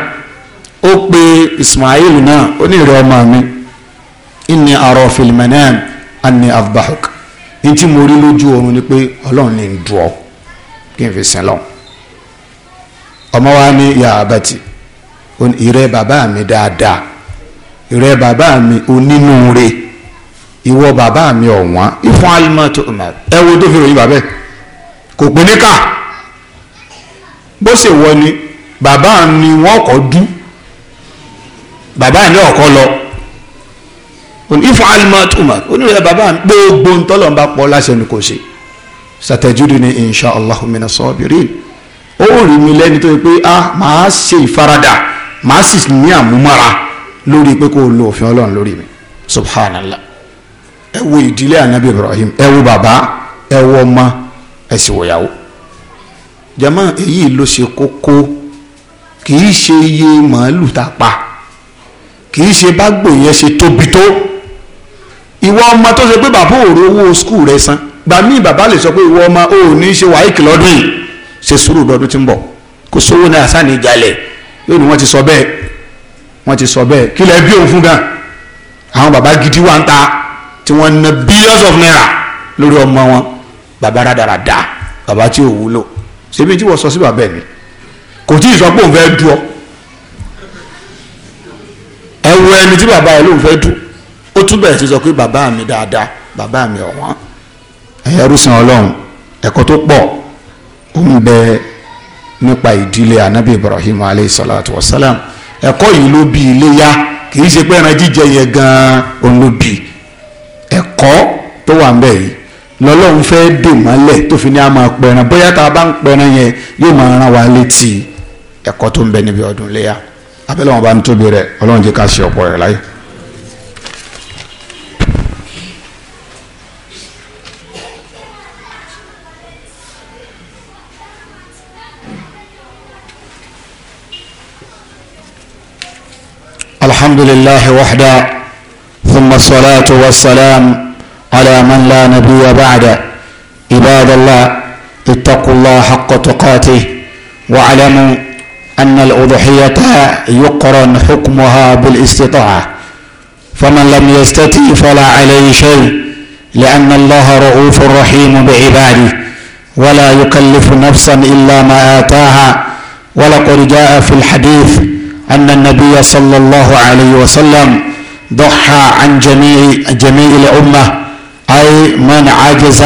ó pe ismail náà ó ní ìrẹ ọmọ mi inni arọ filimanam anni afbahuk ní tí mo rí lójú oorun ni pé ọlọ́run ní ń dùn kí n fi sin lọ ọmọ wa ní ya abati ìrẹ bàbá mi dáadáa ìrẹ bàbá mi onínúure ìwọ bàbá mi ọ̀wọ́n ìfún alimọ̀ tó ọmọ ẹ wo tó fi ròyìn bàbá ẹ kò pín níkà bó ṣe wọ ni bàbá ni wọ́n kọ́ dú bàbá ni ọkọ lọ ìfún alimọ̀ tó ọmọ onírẹ̀ bàbá mi gbogbo ntọ́lọ̀ ń bá pọ̀ láṣẹ ni kò ṣe sàtẹ̀júdù ni insha allah mina sọ́bìrín ó rí mi lẹ́ni tó yẹ pé a ah, máa ṣe ìfaradà máa sì ní àmúmára lórí pé kó o lo òfin ọlọ́run lórí mi subhanallah ẹ wo ìdílé anabi ibrahim ẹ wo bàbá ẹ wo ọmọ ẹ sì wo ìyàwó jama èyí ló ṣe kókó kì í ṣe iye màálù tá a pa kì í ṣe bágbò yẹn ṣe tóbi tó ìwọ ọmọ tó ṣe pé bàbá òòrò owó skul rẹ san gbà míì bàbá lè sọ pé ìwọ ọmọ ò ní ṣe wàhíkì lọ́dún yìí ṣe sùúrù lọ́dún tí ń bọ̀ kò sówó náà sáni ìjàlẹ̀ yóò ní wọ́n ti sọ bẹ́ẹ̀ wọ́n ti sọ bẹ́ẹ̀ kí bí òun fún gan àwọn bàbá gidi wà ń ta tí wọ́n ná billions of naira lórí ọmọ wọn bàbá rádaràda bàbá tí ò wúlò ṣebí tí wọ́n sọ sí bàbá mi kò tí ì sọ pé òun fẹ́ du ọ ẹ wo ẹni tí bàbá rẹ lóun fẹ́ du ó tún bẹ̀rẹ̀ sí sọ pé bàbá mi dáadáa bàbá mi ọ̀wọ́n ẹ̀yẹ rúṣin ọlọ́run ẹ̀kọ́ tó pọ̀ ó ń bẹ nípa ìdílé anabi ibrahim aleyhi salatu wa salam ẹ̀kọ́ yìí ló bí iléyà kì í ṣe pé ẹran jíjẹ yẹn gan-an òun ló bí ẹ̀kọ́ tó wà ń yìí lọ́lọ́run fẹ́ dè mọ́lẹ̀ tó fi ní a máa pẹran bóyá tá a bá ń pẹran yẹn yóò máa rán wa létí ẹ̀kọ́ tó ń bẹ níbi ọdún léyà abẹ́lẹ́ wọn bá ń tóbi rẹ̀ ọlọ́run jẹ́ ká ṣe ọ̀pọ̀ rẹ̀ láyé. الحمد لله وحده ثم الصلاة والسلام على من لا نبي بعده عباد الله اتقوا الله حق تقاته واعلموا أن الأضحية يقرن حكمها بالاستطاعة فمن لم يستطع فلا عليه شيء لأن الله رؤوف رحيم بعباده ولا يكلف نفسا إلا ما آتاها ولقد جاء في الحديث أن النبي صلى الله عليه وسلم ضحى عن جميع جميع الأمة أي من عجز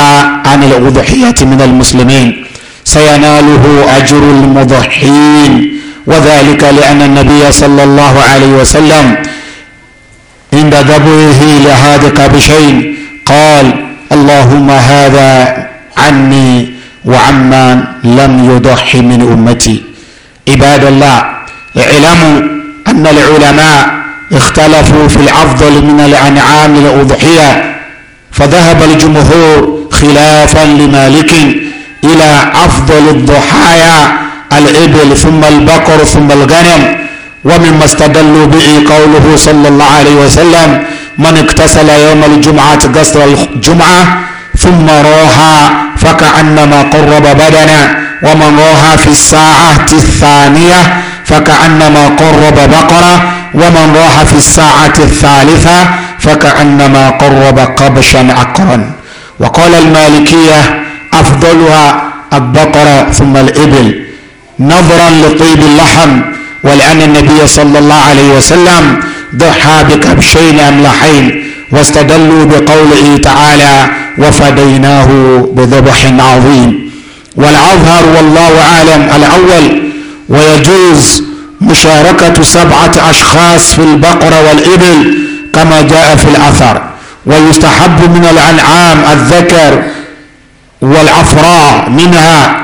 عن الأضحية من المسلمين سيناله أجر المضحين وذلك لأن النبي صلى الله عليه وسلم عند ذبحه لهذا قبشين قال اللهم هذا عني وعمن لم يضحي من أمتي عباد الله اعلموا أن العلماء اختلفوا في الأفضل من الأنعام الأضحية فذهب الجمهور خلافا لمالك إلى أفضل الضحايا الإبل ثم البقر ثم الغنم ومما استدلوا به قوله صلى الله عليه وسلم من اغتسل يوم الجمعة قصر الجمعة ثم راها فكأنما قرب بدنا ومن راها في الساعة الثانية فكأنما قرب بقرة ومن راها في الساعة الثالثة فكأنما قرب قبشا عقرا وقال المالكية أفضلها البقرة ثم الإبل نظرا لطيب اللحم ولأن النبي صلى الله عليه وسلم ضحى بكبشين أملحين واستدلوا بقوله تعالى وفديناه بذبح عظيم والأظهر والله أعلم الأول ويجوز مشاركة سبعة أشخاص في البقرة والإبل كما جاء في الأثر ويستحب من الأنعام الذكر والعفراء منها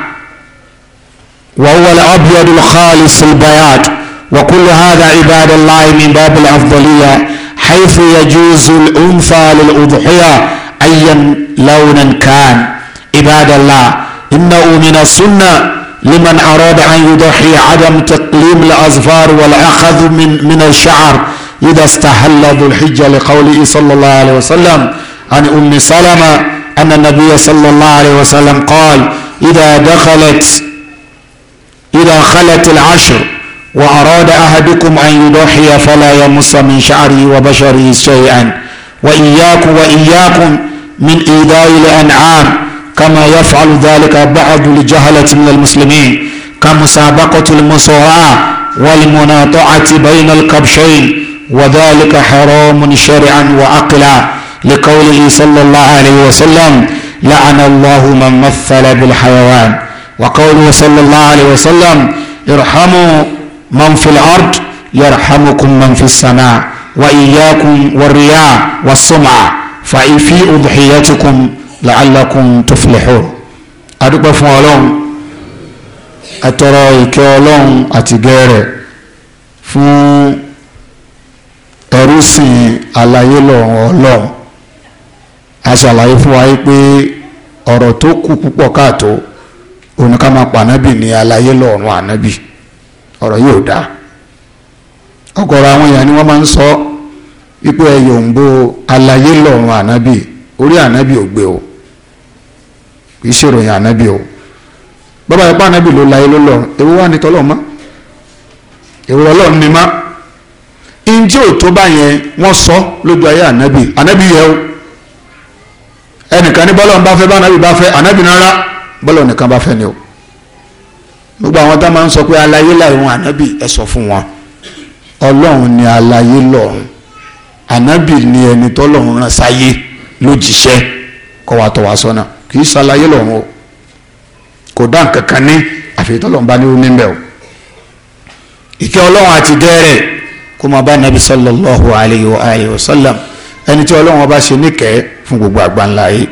وهو الأبيض الخالص البياض وكل هذا عباد الله من باب الأفضلية حيث يجوز الأنثى للأضحية أيا لونا كان عباد الله إنه من السنة لمن أراد أن يضحي عدم تقليم الأظفار والأخذ من من الشعر إذا استحل ذو الحجة لقوله صلى الله عليه وسلم عن أم سلمة أن النبي صلى الله عليه وسلم قال إذا دخلت إذا خلت العشر وأراد أحدكم أن يضحي فلا يمس من شعره وبشره شيئا وإياكم وإياكم من إيذاء الأنعام كما يفعل ذلك بعض الجهلة من المسلمين كمسابقة المصورة والمناطعة بين الكبشين وذلك حرام شرعا وعقلا لقوله صلى الله عليه وسلم لعن الله من مثل بالحيوان وقوله صلى الله عليه وسلم ارحموا من في الأرض يرحمكم من في السماء وإياكم والرياء والسمعة في أضحيتكم لعلكم تفلحون ادق فوالون أترى كيولون أتجاري فو ẹrú sìn àlàyé lọ́rùn ọlọ́run a ṣàlàyé fún wa pé ọ̀rọ̀ tó kù púpọ̀ káàtó òun ká ní àlàyé lọ́rùn ànábì ọ̀rọ̀ yóò dáa ọ̀gọ̀rọ̀ àwọn èèyàn ni wọ́n máa ń sọ wípé ẹ̀yọ̀ǹbo àlàyé lọ́rùn ànábì orí ànábì ò gbé o kì í ṣèròyìn ànábì o bàbá ipá ànábì ló láyé ló lọ́rùn ewu wá ní tọ́lọ́ mọ́ ewu ọlọ́run ni má njẹ́ ò tó bá yẹn wọ́n sọ lójú ayé ànábì ànábì yẹ o ẹnìkan ní bọ́lọ̀ ń bá fẹ́ bá ànábì bá fẹ́ ànábì rárá bọ́lọ̀ nìkan bá fẹ́ ni o gbogbo àwọn tá a máa ń sọ pé alayé láìrun ànábì ẹ sọ fún wọn ọlọ́run ni alayé lọ́run ànábì ni ẹni tọ́lọ́run rán sáyé lójíṣẹ́ kọ́ wa tọ́ wa sọ́nà kì í ṣàlàyé lọ́run o kò dá nǹkan kan ní àfi tọ́lọ́run bá ní kó ba nabi sallallahu alayhi wa alayhi wa sallam ẹni tí ọlọ́run ọba ṣe níkẹ́ fún gbogbo àgbáńlá yìí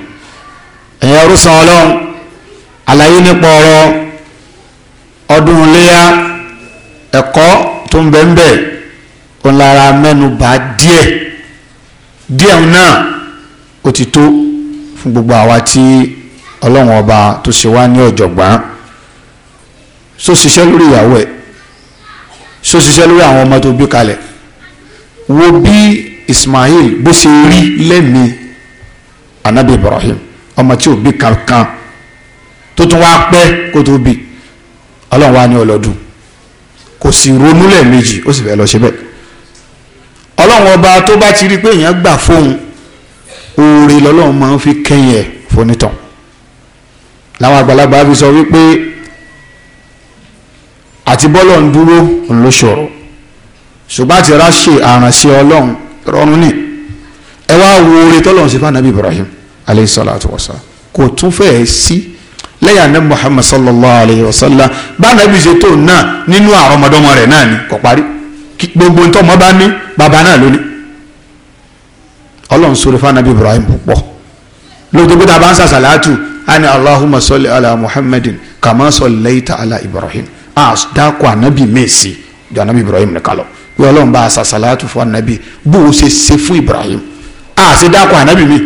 ẹ̀yin arúsàn ọlọ́run àlàyé nípa ọ̀rọ̀ ọdún léyà ẹ̀kọ́ tó ń bẹ́ẹ̀ bẹ́ẹ̀ ọ̀lára mẹ́nu bá díẹ̀ díẹ̀ náà ó ti tó fún gbogbo àwa tí ọlọ́run ọba tó ṣe wá ní ọ̀jọ̀gbọ́n tó ṣiṣẹ́ lórí ìyàwó ẹ̀ so ṣiṣẹ́ lórí àwọn ọmọ tó bí kalẹ̀ wo bí Ismail bó ṣe rí lẹ́ni anabi Ibrahim ọmọ tí ò bí kankan tó tún wá pẹ́ kó tó bí ọlọ́run wá ní ọlọ́dún kò sì ronú lẹ́ẹ̀mejì ó sì fẹ́ lọ ṣe bẹ́ẹ̀ ọlọ́run ọba tó bá ti rí pé èèyàn gbà fóun oore lọ́lọ́run máa ń fi kẹ́yìn ẹ̀ fonítàn làwọn àgbàlagbà fi sọ wípé àti bọ́lọ̀ ń dúró ló ṣòro ṣùgbọ́n àti ráṣe àrànṣe ọlọ́run rọrùn ni ẹ wá wo oore tọ́lọ́run sí fànàbí Ibrahim alayhi salatu wa sallam kò tún fẹ́ẹ́ sí lẹ́yìn àná Muhammad sallallahu alayhi wa sallam bánàbí ṣe tó náà nínú àrọmọdọ́mọ rẹ̀ náà ni kò parí gbogbo ntọ́ mọ́ bá ní bàbá náà lónìí ọlọ́run sọ̀rọ̀ fànàbí Ibrahim púpọ̀ lóòótọ́ pé tá a bá ń sàṣàlátù á Allahumma salli ala Muhammadin kama sallaita ala Ibrahim a dákọ̀ ànábì mẹ́sì ju ànábì ibrahim nìkan lọ pé ọlọ́run bá a sàṣàlátù fún ànábì bó o ṣe ṣe fún ibrahim a ṣe dákọ̀ ànábì mi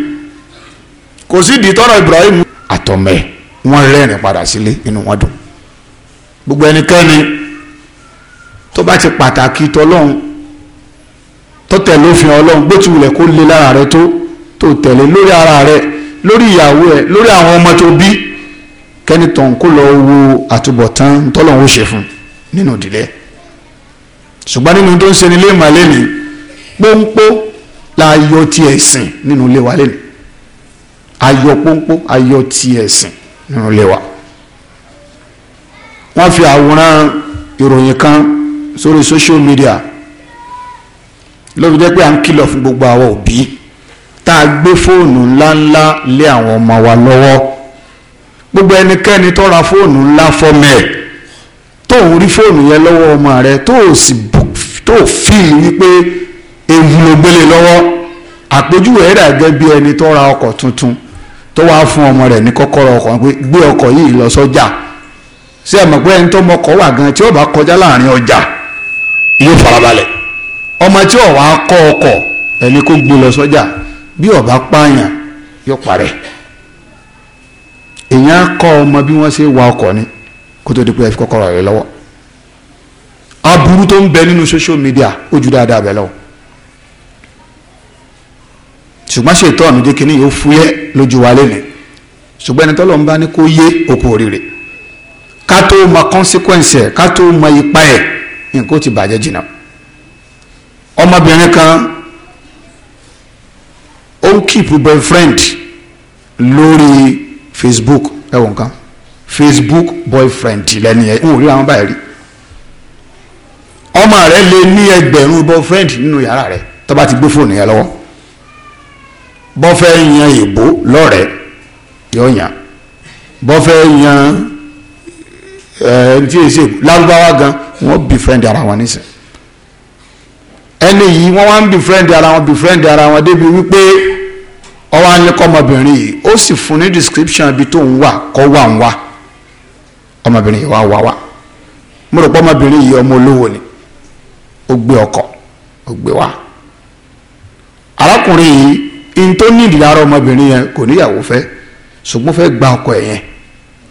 kò sí di tọrọ ibrahim. àtọ̀mẹ́ wọ́n rẹ́rìn padà sílé inú wọn dùn gbogbo ẹnikẹ́ni tó bá ti pàtàkì tọlọ́run tó tẹ̀lé òfin ọlọ́run bó ti wulẹ̀ kó lé lára rẹ tó tó tẹ̀lé lórí ara rẹ lórí ìyàwó ẹ lórí àwọn ọmọ tó bí kẹ́nìtàn kó lọ wo àtúbọ̀tán tọ́lọ́hún ó ṣe fún nínú ìdílé ṣùgbọ́n nínú tó ń ṣe nílé ìmàlẹ́ ni pọ́npọ́ la yọ ti ẹ̀sìn nínú ilé wa lẹ́nu ayọ pọ́npọ́ ayọ ti ẹ̀sìn nínú ilé wa wọ́n fi àwòrán ìròyìn kan sórí social media ló fi jẹ́ pé à ń kìlọ̀ fún gbogbo àwọn òbí tá a gbé fóònù ńláńlá lé àwọn ọmọ wa lọ́wọ́ gbogbo ẹnikẹ́ni tọ́ra ra fóònù ńlá fọ́mọ tó ń rí fóònù yẹn lọ́wọ́ ọmọ rẹ̀ tó sì tó fíìlì wípé ewu ló gbélé lọ́wọ́ àpèjúwe ẹ̀dà gẹ́gẹ́ bí ẹni tọ́ra ọkọ̀ tuntun tó wàá fún ọmọ rẹ̀ ní kọ́kọ́rọ́ ọkọ̀ gbé ọkọ̀ yìí lọ sọ́jà sí ẹ̀ mọ̀ pé ẹni tó mọkọ̀ wà gan tí ó bá kọjá láàrin ọjà yóò farabalẹ̀ ọmọ tí ó wá kọ́ ọkọ̀ ẹni kó gbé lọ sọ́jà bí ó pààyàn yóò parẹ́ èèyàn kọ́ ọmọ bí wọ́n ṣe wa ọkọ̀ ni kó tó di pé ẹ fi kọ́kọ́rọ́ rẹ lọ́wọ́ aburú tó ń bẹ nínú social media ó ju dáadáa bẹ lọ́wọ́ ṣùgbọ́n ṣètò ọ̀nà jẹ́ kínní yóò fúyẹ́ lójú wa lẹ́nìí ṣùgbọ́n ẹni tọ́lọ́ ń bá ní kó yé oko òrìrì ká tó mọ consequence ẹ̀ ká tó mọ ipa ẹ̀ nǹkan ti bàjẹ́ jìnnà ọmọbìnrin kan ó ń keep boyfriend lórí facebook ẹ̀wọ̀n kan facebook boyfriend lẹ́ni ẹ̀ ń rí àwọn báyìí rí ọmọ rẹ lè ní ẹgbẹ̀rún boyfriend nínú yàrá rẹ tó bá ti gbé fóònù yẹn lọ́wọ́ bọ́fẹ́ yan èèbó lọ́rẹ̀ẹ́ yóò yàn bọ́fẹ́ yan ẹ̀ tí èsì lárúbáwá gan wọ́n befriend ara wọn nísìn ẹni yìí wọ́n wá ń befriend ara wọn befriend ara wọn débi wípé wọ́n wá ní kọ́ ọmọbìnrin yìí ó sì fún ní description ibi tó ń wà kọ́ wà ń wà ọmọbìnrin yìí wá wá wá mo rò pé ọmọbìnrin yìí ọmọ olówó ni ó gbé ọkọ̀ ó gbé wá arákùnrin yìí tó ní ìdílára ọmọbìnrin gba ọkọ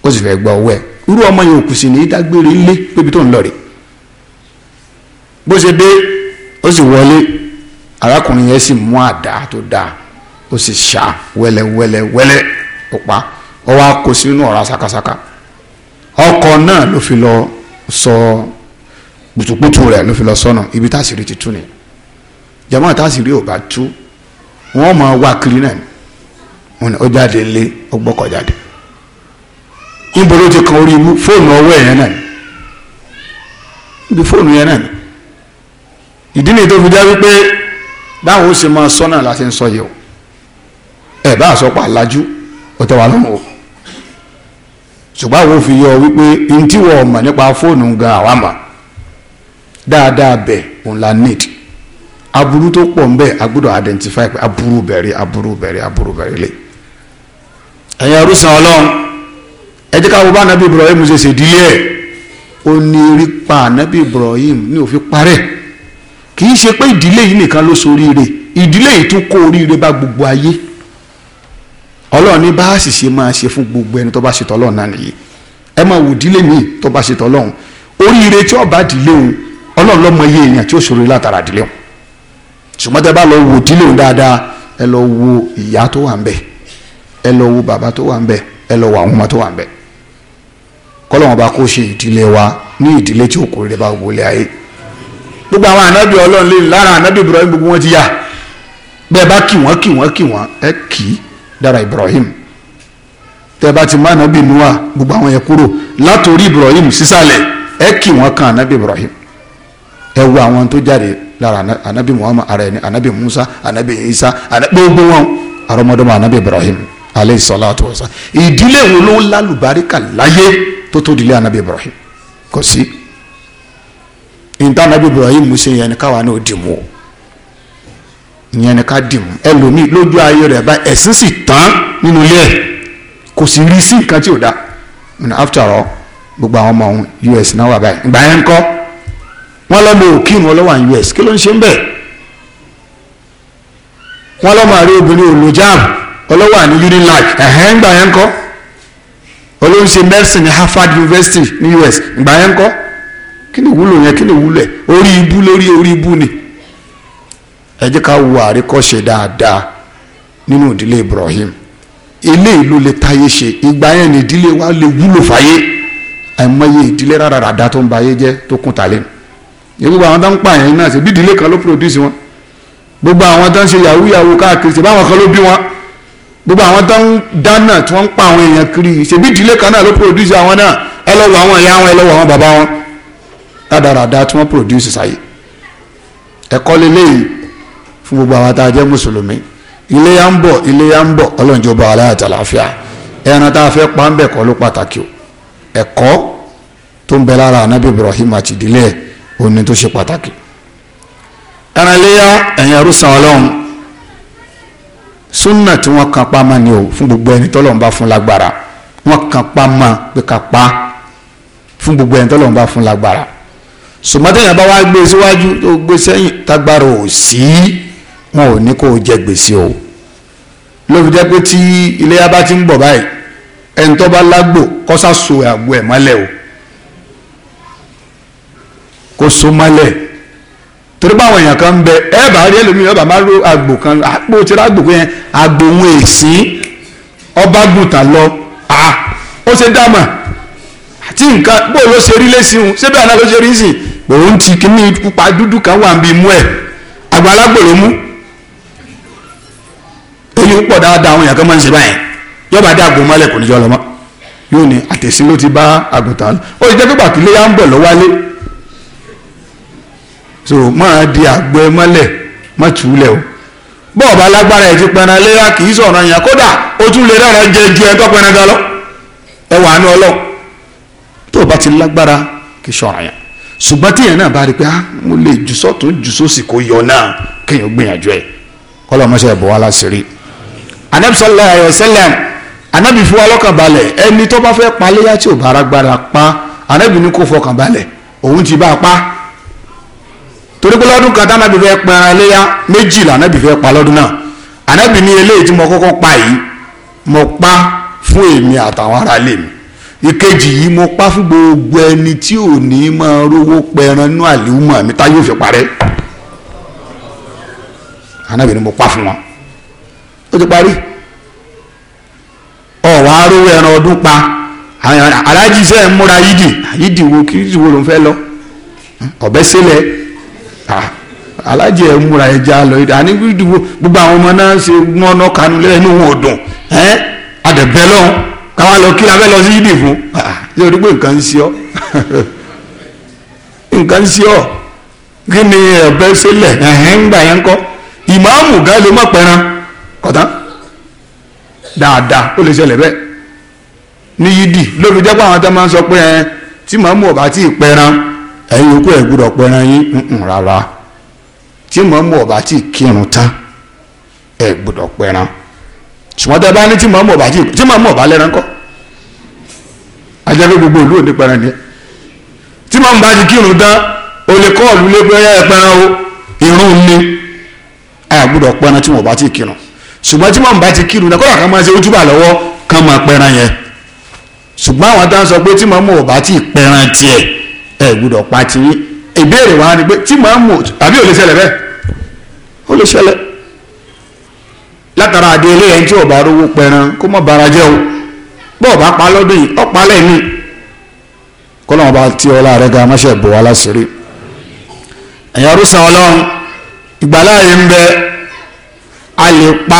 ó sì gba ẹ̀ irú ọmọ yẹn òkùsì ní dágbére ilé pébi tó ń lọ rè bó ṣe dé ó sì wọlé arákùnrin yẹn sì mú àdá ó sì ṣá wẹ́lẹ́wẹ́lẹ́wẹ́lẹ́ ó pa ó wá kó sínú ọ̀rá sákàsákà ọkọ̀ náà ló fi lọ sọ pùtùpùtù rẹ̀ ló fi lọ sọ́nà ibi táṣìírí ti tú ni jama táṣìírí ò bá tú wọ́n máa wá kiri náà wọn ni ó jáde lé ó gbọ́kọ̀ jáde níbo ló ti kan orí fóònù ọwọ́ ẹ̀yẹn náà níbi fóònù yẹn náà ìdí nìyí tó fi dá wípé báwo ṣe máa sọ́nà láti ń sọ yìí o ẹ bá àsọpọ̀ àlájú ọ̀tẹ̀ wà ṣùgbọ́n àwọn òfin yọ wípé n tí wọ́n mọ̀ nípa fóònù gan àwa dáadáa bẹ̀ òun la need aburú tó pọ̀ ń bẹ̀ identify pé aburú bẹ̀rẹ̀ aburú bẹ̀rẹ̀ aburú bẹ̀rẹ̀ lé ẹ̀yin arúsàn ọlọ́run anabi Ibrahim ṣe ṣe anabi Ibrahim ní òfin parẹ́ kì í ṣe pé ìdílé yìí nìkan ló bá gbogbo ayé ọlọ́run ní bá a sì ṣe máa ṣe fún gbogbo ẹni tó bá ṣe tọ́lọ́run náà nìyí ẹ máa wò dílé mi tó bá ṣe tọ́lọ́run oríire tí ọba dílé òun ọlọ́run lọ́mọ iye èèyàn tí ó ṣòro látara dílé òun ṣùgbọ́n tẹ bá lọ wò dílé òun dáadáa ẹ lọ wo ìyá tó wà ń bẹ ẹ lọ wo bàbá tó wà ń bẹ ẹ lọ wo àwọn ọmọ tó wà ń bẹ kọ́lọ́run bá kó ṣe ìdílé wa ní ìdílé tí òkú rẹ̀ bá wọlé ayé gbogbo àwọn ànábì ọlọ́run lè lára ànábì Ibrahim gbogbo wọn ti yà bẹ́ẹ̀ bá kì wọ́n kì wọ́n kì wọ́n ẹ kì í dára Ibrahim tẹ́ bá ti mú anabi Noah gbogbo àwọn yẹn kúrò látòrí Ibrahim sísàlẹ̀ ẹ kì wọ́n kan anabi Ibrahim ẹ wo àwọn tó jáde lára anabi Muhammad ara ẹni anabi Musa anabi Isa gbogbo wọn àrọmọdọ́mọ anabi Ibrahim aleyhi salatu wa sallam ìdílé wo ló ń lálùbáríkà láyé tó tó ìdílé anabi Ibrahim kò sí ìdá anabi Ibrahim ṣe yẹn káwa náà dì mú o ìyẹn ni ká dìmú ẹlòmíì lójú ayé rẹ̀ bá ẹ̀sìn sì tán nínú ilé ẹ̀ kò sì rí sí nǹkan tí ò dá after all gbogbo àwọn ọmọ ọ̀hún US náà wà báyìí ìgbà yẹn ń kọ́ wọ́n lọ́ lo òkìrùn ọlọ́wà ní US kí ló ń ṣe ń bẹ̀ wọ́n lọ́ máa rí obìnrin olùjáàmù ọlọ́wà ní Unilag ẹ̀hẹ́n ìgbà yẹn ń kọ́ olóhùn ṣe medicine ní Harvard University ní US ìgbà yẹn ń kọ́ kí ni ìwúlò yẹn kí ni ìwúlò ẹ̀ orí ibú lórí orí ibú ni ẹ jẹ́ ká wo àríkọ́ṣe dáadáa nínú ìdílé Ibrahim ilé ìlú lè táyé ṣe ìgbà yẹn ní ìdílé wa lè wúlò fáyé àìmọye ìdílé rárára tó ń ba ayé jẹ́ tó kún tàlẹ́ nù gbogbo àwọn tó ń náà ṣe bí ìdílé kan ló produce wọn gbogbo àwọn tó ń ṣe yahoo yahoo káàkiri ṣe báwọn kan ló bí wọn gbogbo àwọn tó ń dáná tí wọ́n ń pa àwọn èèyàn kiri ṣèbí ìdílé kan náà ló produce àwọn náà ẹ lọ wọ àwọn ìyá wọn ẹ àwọn bàbá wọn rádaràda tí wọ́n produce sáyé ẹ̀kọ́ lélẹ́yìí fún gbogbo àwọn tá a jẹ́ mùsùlùmí iléyà ń bọ̀ iléyà ń bọ̀ ọlọ́njọ́ bá aláyà tà láfíà ẹran tá a fẹ́ pa ń bẹ̀ kọ́ ló pàtàkì o ẹ̀kọ́ tó ń bẹ lára anabi ibrahim àti ìdílé ẹ̀ òní tó ṣe pàtàkì ẹran iléyà ẹ̀yìn arúsàn ọlọ́run súnà tí wọ́n kan pa máa ni o fún gbogbo ẹni tọ́lọ́run bá fún lágbára wọ́n kan pa máa pé ká pa fún gbogbo ẹni tọ́lọ́run bá fún lágbára sùmọ́tẹ́yìn bá wá gbé síwájú tó gbé sẹ́yìn tágbára ò sí. Si wọn ò ní kó o jẹ gbèsè o ló fi jẹ́ pé tí iléyà bá ti ń bọ̀ báyìí ẹni tó bá lágbò kó sá so àgbo ẹ̀ mọ́lẹ̀ o kó so mọ́lẹ̀ torí báwọn èèyàn kan ń bẹ ẹ bá rí ẹlòmíràn bá máa ro àgbò kan àpò tí rágbò yẹn àgbò òun èsì ọba gùntàn lọ ó ṣe dámà àti nǹkan bó ló ṣe rí lẹ́sìn un ṣébí àná ló ṣe rí sìn òun ti kíní pupa dúdú kan wà ń bí mú ẹ àgbàlagbò ló mú èyí pọ̀ dáadáa àwọn èèyàn kan máa ń ṣe báyìí yọba dé àgbo mọ́lẹ̀ kò ní yọ lọ mọ́ yóò ní àtẹ̀sí ló ti bá àgùntàn ó ti jẹ́ pé gbàtílé yá ń bọ̀ lọ́wálé so máa di àgbo ẹ mọ́lẹ̀ má túlẹ̀ o bọ́ọ̀bá lágbára ẹ̀ ti pẹran léra kì í sọ̀rọ̀ yẹn kódà o tún lè rẹ́rẹ́ jẹ ju ẹ tó pẹran gan lọ ẹ wà ní ọlọ́ tó o bá ti lágbára kì í sọ̀rọ̀ yẹn ṣùgbọ́n tíyẹn náà bá rí pé ah, mo lè jù sọ́tún jù sósì kó yọ náà kéèyàn gbìyànjú ẹ kọ́lọ́ mọ́ṣẹ́ bọ̀ wá láṣìírí anabi sallallahu alayhi wa sallam anabi fún wa lọ́kàn balẹ̀ ẹni tó bá fẹ́ paléyà tí ò bá arágbára pa anabi ní kó fọkàn balẹ̀ òun ti bá a pa torí pé lọ́dún kan tánàbí fẹ́ pa aléyà méjìlá anabi fẹ́ pa lọ́dún náà anabi ní eléyìí tí mo kọ́kọ́ pa yìí mo pa fún èmi àtàwọn ará ilé mi ìkejì yìí mo pa fún gbogbo ẹni tí ò ní máa rówó pẹran nú àlìhùmọ̀ mi tá yóò fi parẹ́ anabi ni mo pa fún wọn ó ti parí ọ̀wá arówó ẹran ọdún pa aláàjì sẹ́ẹ̀ ń múra yídì yídì wo kí yídì wo ló ń fẹ́ lọ ọ̀bẹ sílẹ̀ aláàjì ẹ̀ ń múra ẹja lọ yídì àní yídì wo gbogbo àwọn ọmọ náà ṣe mọ́nà kanu lẹ́yìn inú wọn ò dùn àdẹ̀bẹ́ lọ́hùn káwọn lọ kí la fẹ́ lọ sí yídì fún ṣé o rí pé nǹkan ń ṣe ọ́ nǹkan ń ṣe ọ́ kí ni ọ̀bẹ sílẹ̀ ẹ̀hẹ́n ń gbà yẹn kọ́ ìmáàmù gan ló mọ̀ pẹ́ran kọ̀tán dáadáa ó lè ṣẹlẹ̀ bẹ́ẹ̀ ní yídì lórí jẹ́pọ̀ àwọn tó máa ń sọ pé ẹ tí màmú ọ̀bá tí ì pẹran ẹ̀yin òkú ẹ̀ gbúdọ̀ pẹran yín nǹkan rárá tí màmú ọ̀bá tí ì kírun tán ẹ̀ gbúdọ̀ pẹran ṣùgbọ́n tẹ bá ní tí màmú ọ̀bá tí ì tí màmú ọ̀bá lẹ́ran kọ́ ajẹ́ pé gbogbo ìlú òní pẹran ni tí màmú bá ti kírun tán o lè kọ́ ọ̀lú lé pé ẹ pẹran o ìrun ni ẹ̀ gbúdọ̀ pẹran tí màmú ọ̀bá tí ì kírun ṣùgbọ́n tí mọ̀mù bá ti kírun náà kọ́ra kan máa ṣe ojúbà lọ́wọ́ kan máa pẹran yẹn ṣùgbọ́n àwọn tá à ń sọ pé tí mọ̀mù ò bá ti pẹran tiẹ̀ ẹ gbọ́dọ̀ pa ti yín ìbéèrè wa ni pé tí mọ̀mù àbí ò lè ṣẹlẹ̀ bẹ́ẹ̀ ó lè ṣẹlẹ̀ látara àdé ilé ẹni tí ò bá pẹran kó mọ̀ bara jẹ́ o bọ́ọ̀ bá pa lọ́dún yìí ọ̀ pa lẹ́yìn ní kọ́lọ́mọ̀ bá tí ọlá rẹ̀ ga máṣẹ́ bò wá láṣìírí ẹ̀yà rúṣà ọlọ́run ìgbàláyé ń a lè pa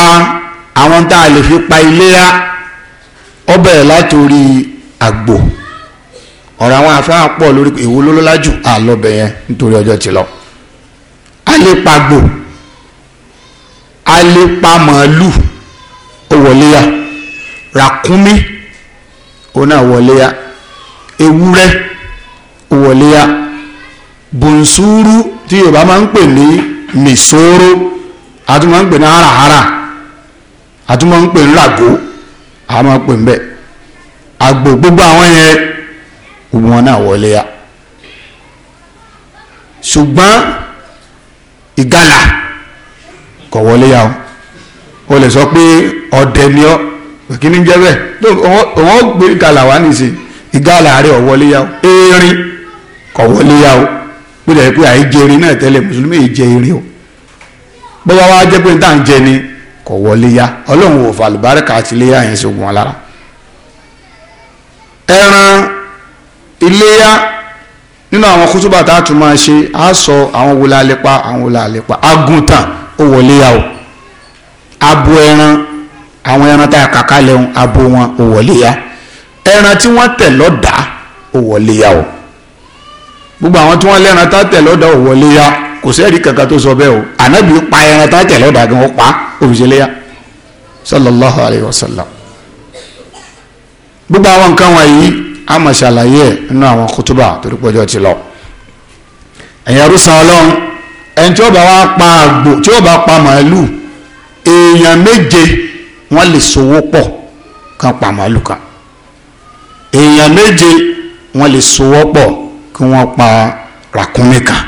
àwọn tá a lè fi pa iléyà ọ bẹ̀rẹ̀ láti orí àgbò ọ̀rọ̀ àwọn afẹ́hàn pọ̀ lórí èwo ló lọ́lá jù àlọ́bẹ̀ yẹn nítorí ọjọ́ ti lọ a lè pa àgbò a lè pa màálù ó wọléyà ràkúnmí ó náà wọléyà ewúrẹ́ ó wọléyà bùnsúrú tí yorùbá máa ń pè ní mìsóró àtúmọ̀ ń pè ní harahara àtúmọ̀ ń pè ní làgó àmọ́ pè ń bẹ̀ àgbò gbogbo àwọn yẹn gbogbo wọn náà wọlé ya ṣùgbọ́n ìgalà kò wọlé ya o o lè sọ pé ọ̀dẹ ni ọ kí ni jẹ́ bẹ́ẹ̀ tó wọ́n gbé ìgalà wá nìsí ìgalà rẹ̀ ò wọlé o erin kò wọlé ya o pé dẹ̀ pé àìjẹ erin náà tẹ́lẹ̀ mùsùlùmí èyí jẹ erin o bóyá wàá jẹ́ pé dáhùn jẹ ni kò wọlé ya ọlọ́run ò fàlùbáríkà àti iléyà yẹn ṣoògùn wọn lára ẹran iléyà nínú àwọn kútúbà tá a tún máa ṣe á sọ àwọn wòlá àlepa àwọn wòlá àlepa àgùntàn ó wọlé ya o abo ẹran àwọn ẹran tá a kà kalẹ̀ abo wọn ó wọlé ya ẹran tí wọ́n tẹ̀ lọ́dàá ó wọlé ya o gbogbo àwọn tí wọ́n lẹ́ran tá a tẹ̀ lọ́dàá ó wọlé ya o kò sẹ́ẹ̀rí kankan tó sọ bẹ́ẹ̀ o ànábì pa ẹran tá tẹ̀lé ọ̀dà gan pa òfìsẹ́lẹ́yà sallallahu alayhi wa sallam gbogbo àwọn nǹkan wọ̀nyí a máa ṣàlàyé ẹ̀ nínú àwọn kútúbà torí pọ́jọ́ ti lọ ẹ̀yìn arúsàn ọlọ́run ẹni tí ó bá wá pa àgbò tí ó bá pa màálù èèyàn méje wọ́n lè sowó pọ̀ kan pa màálù kan èèyàn méje wọ́n lè sowó pọ̀ kí wọ́n pa ràkúnmí kan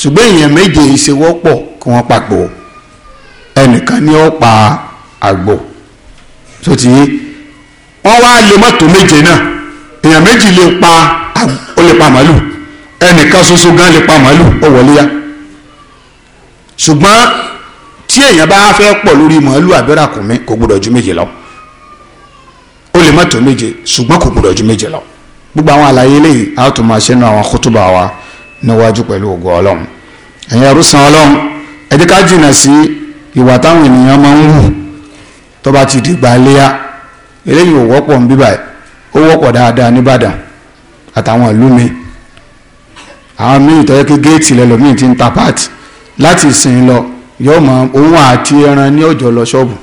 ṣùgbọ́n èèyàn méje ìṣèwọ́pọ̀ kí wọ́n papò ẹnìkan ni ó pa àgbò tó ti yé wọ́n wá lè mọ́tò méje náà èèyàn méjì lè pa ó lè pa màálù ẹnìkan ṣoṣo gan lè pa màálù ó wọlé yá ṣùgbọ́n tí èèyàn bá fẹ́ pọ̀ lórí màálù àbẹ́ràkùnmí kò gbọdọ̀ ju méje lọ ó lè mọ́tò méje ṣùgbọ́n kò gbọdọ̀ ju méje lọ gbogbo àwọn àlàyé eléyìí a ó máa ṣe àwọn kótóbà wa níwájú pẹ̀lú ògo ọlọ́run ẹ̀yin arúsàn ọlọ́run ẹ jẹ́ ká jìnnà sí ìwà táwọn ènìyàn máa ń hù tó bá ti dìgbà léyà eléyìí ò wọ́pọ̀ ń bíbà ó wọ́pọ̀ dáadáa nìbàdàn àtàwọn ìlú mi àwọn míì tó yẹ kí géètì lẹ́lọ́míì ti ń ta páàtì láti ìsìn lọ yóò mọ òun àti ẹran ní ọjọ́ lọ ṣọ́ọ̀bù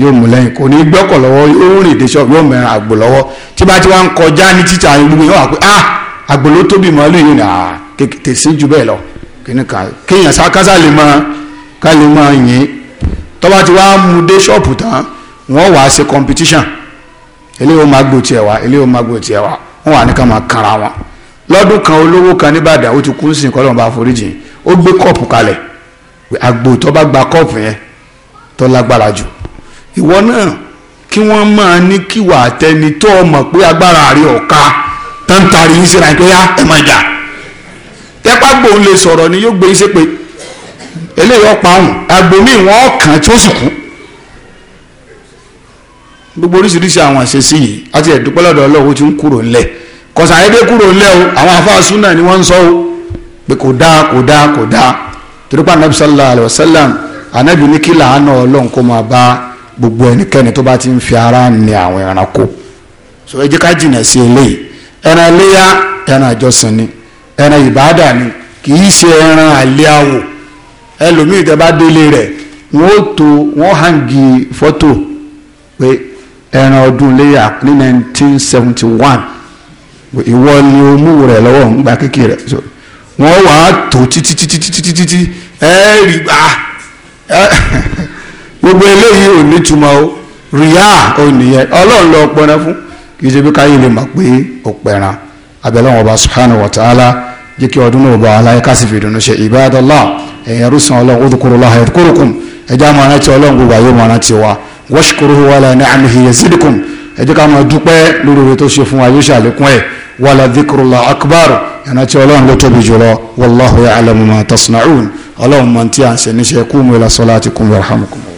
yóò mú lẹ́yìn kò ní gbọ́kọ̀ lọ́wọ́ ó rìn dé ṣọ́ọ̀bù yóò mẹ́ran àgbò lọ́wọ́ tí bá ti wá ń kọjá ní títà gbogbo yóò wà pé ah àgbòló tóbi màálù yìí náà tètè sí ju bẹ́ẹ̀ lọ kìnnìkan kéèyàn sákásá lè máa ká lè máa yìn tọ́ba ti wá mú dé ṣọ́ọ̀pù tán wọ́n wàá ṣe competition eléyìí ó máa gbò tiẹ̀ wá eléyìí ó máa gbò tiẹ̀ wá wọ́n wà ní ká máa kanra wọn lọ́dún kan olówó kan nìbàdàn ó ti kú sí nǹkan lọ́nà bá foríjì ó gbé kọ́ọ̀pù kalẹ̀ àgbò tó bá gba kọ́ọ̀pù yẹn tó lágbára jù ìwọ náà kí wọ́n máa ní kíwà àtẹni tó mọ̀ pé agbára rẹ̀ ọ̀ka tó ń tari yín síra pé yá ah, ẹ máa jà tẹ́pá gbòun lè sọ̀rọ̀ ni yóò gbé yín ṣépè eléyìí ọ̀pá ọ̀hún agbomi wọn kàn tí ó sì kú gbogbo oríṣiríṣi àwọn àṣeṣí yìí àti ẹ̀dúpẹ́ lọ́dọ̀ ọlọ́wọ́ ti ń kúrò ńlẹ̀ kọ̀sà ayédè kúrò ńlẹ̀ o àwọn afáàsù náà ni wọ́n ń sọ o pé kò dáa kò dáa kò dáa torípa anabi sallallahu alayhi wa sallam anabi ní kí làánà ọlọ́run kó máa bá gbogbo ẹnikẹ́ni tó bá ti ń fi ara ní àwọn ẹranko so ẹ jẹ́ ká jìnnà sí eléyìí ẹran iléyà ẹran ajọsani ẹran ìbáàdà ni ṣe ẹran aliawo ẹlòmíì tẹ bá délé wọn ó tó wọn hàǹgì fọ́tò pé ẹran ọdún nị ní nineteen seventy one ìwọ ni o mú rẹ lọwọ ń gba rẹ so wọn wà á tó títí títí títí títí gbogbo eléyìí ò ní túmọ̀ o ò ọlọ́run lọ fún kì í ṣe bí káyé lè mọ̀ pé òpẹ̀ràn abẹ́lẹ́wọ̀n ọba subhanahu wa ta'ala jẹ́ kí ọdún náà bá aláyé ká sì fi ìdùnnú ṣe ibadallah ẹ̀yin ẹrúsàn ọlọ́run udhkurullaha yadhkurukum ẹjẹ́ àwọn ará ti ọlọ́run gbogbo ayé mọ̀ ará ti wa washkuruhu wala ni'amihi yazidukum ẹ jẹ́ ká máa dúpẹ́ lórí oore tó ṣe fún wa ṣàlékún ẹ̀ wàlá dhikrullah akbar ẹ̀nà ọlọ́run ló tóbi jùlọ wallahu ya'lamu ma tasna'un ọlọ́run mọ̀ tí ń ṣe níṣẹ́ kúmu ila salatikum yarhamukum.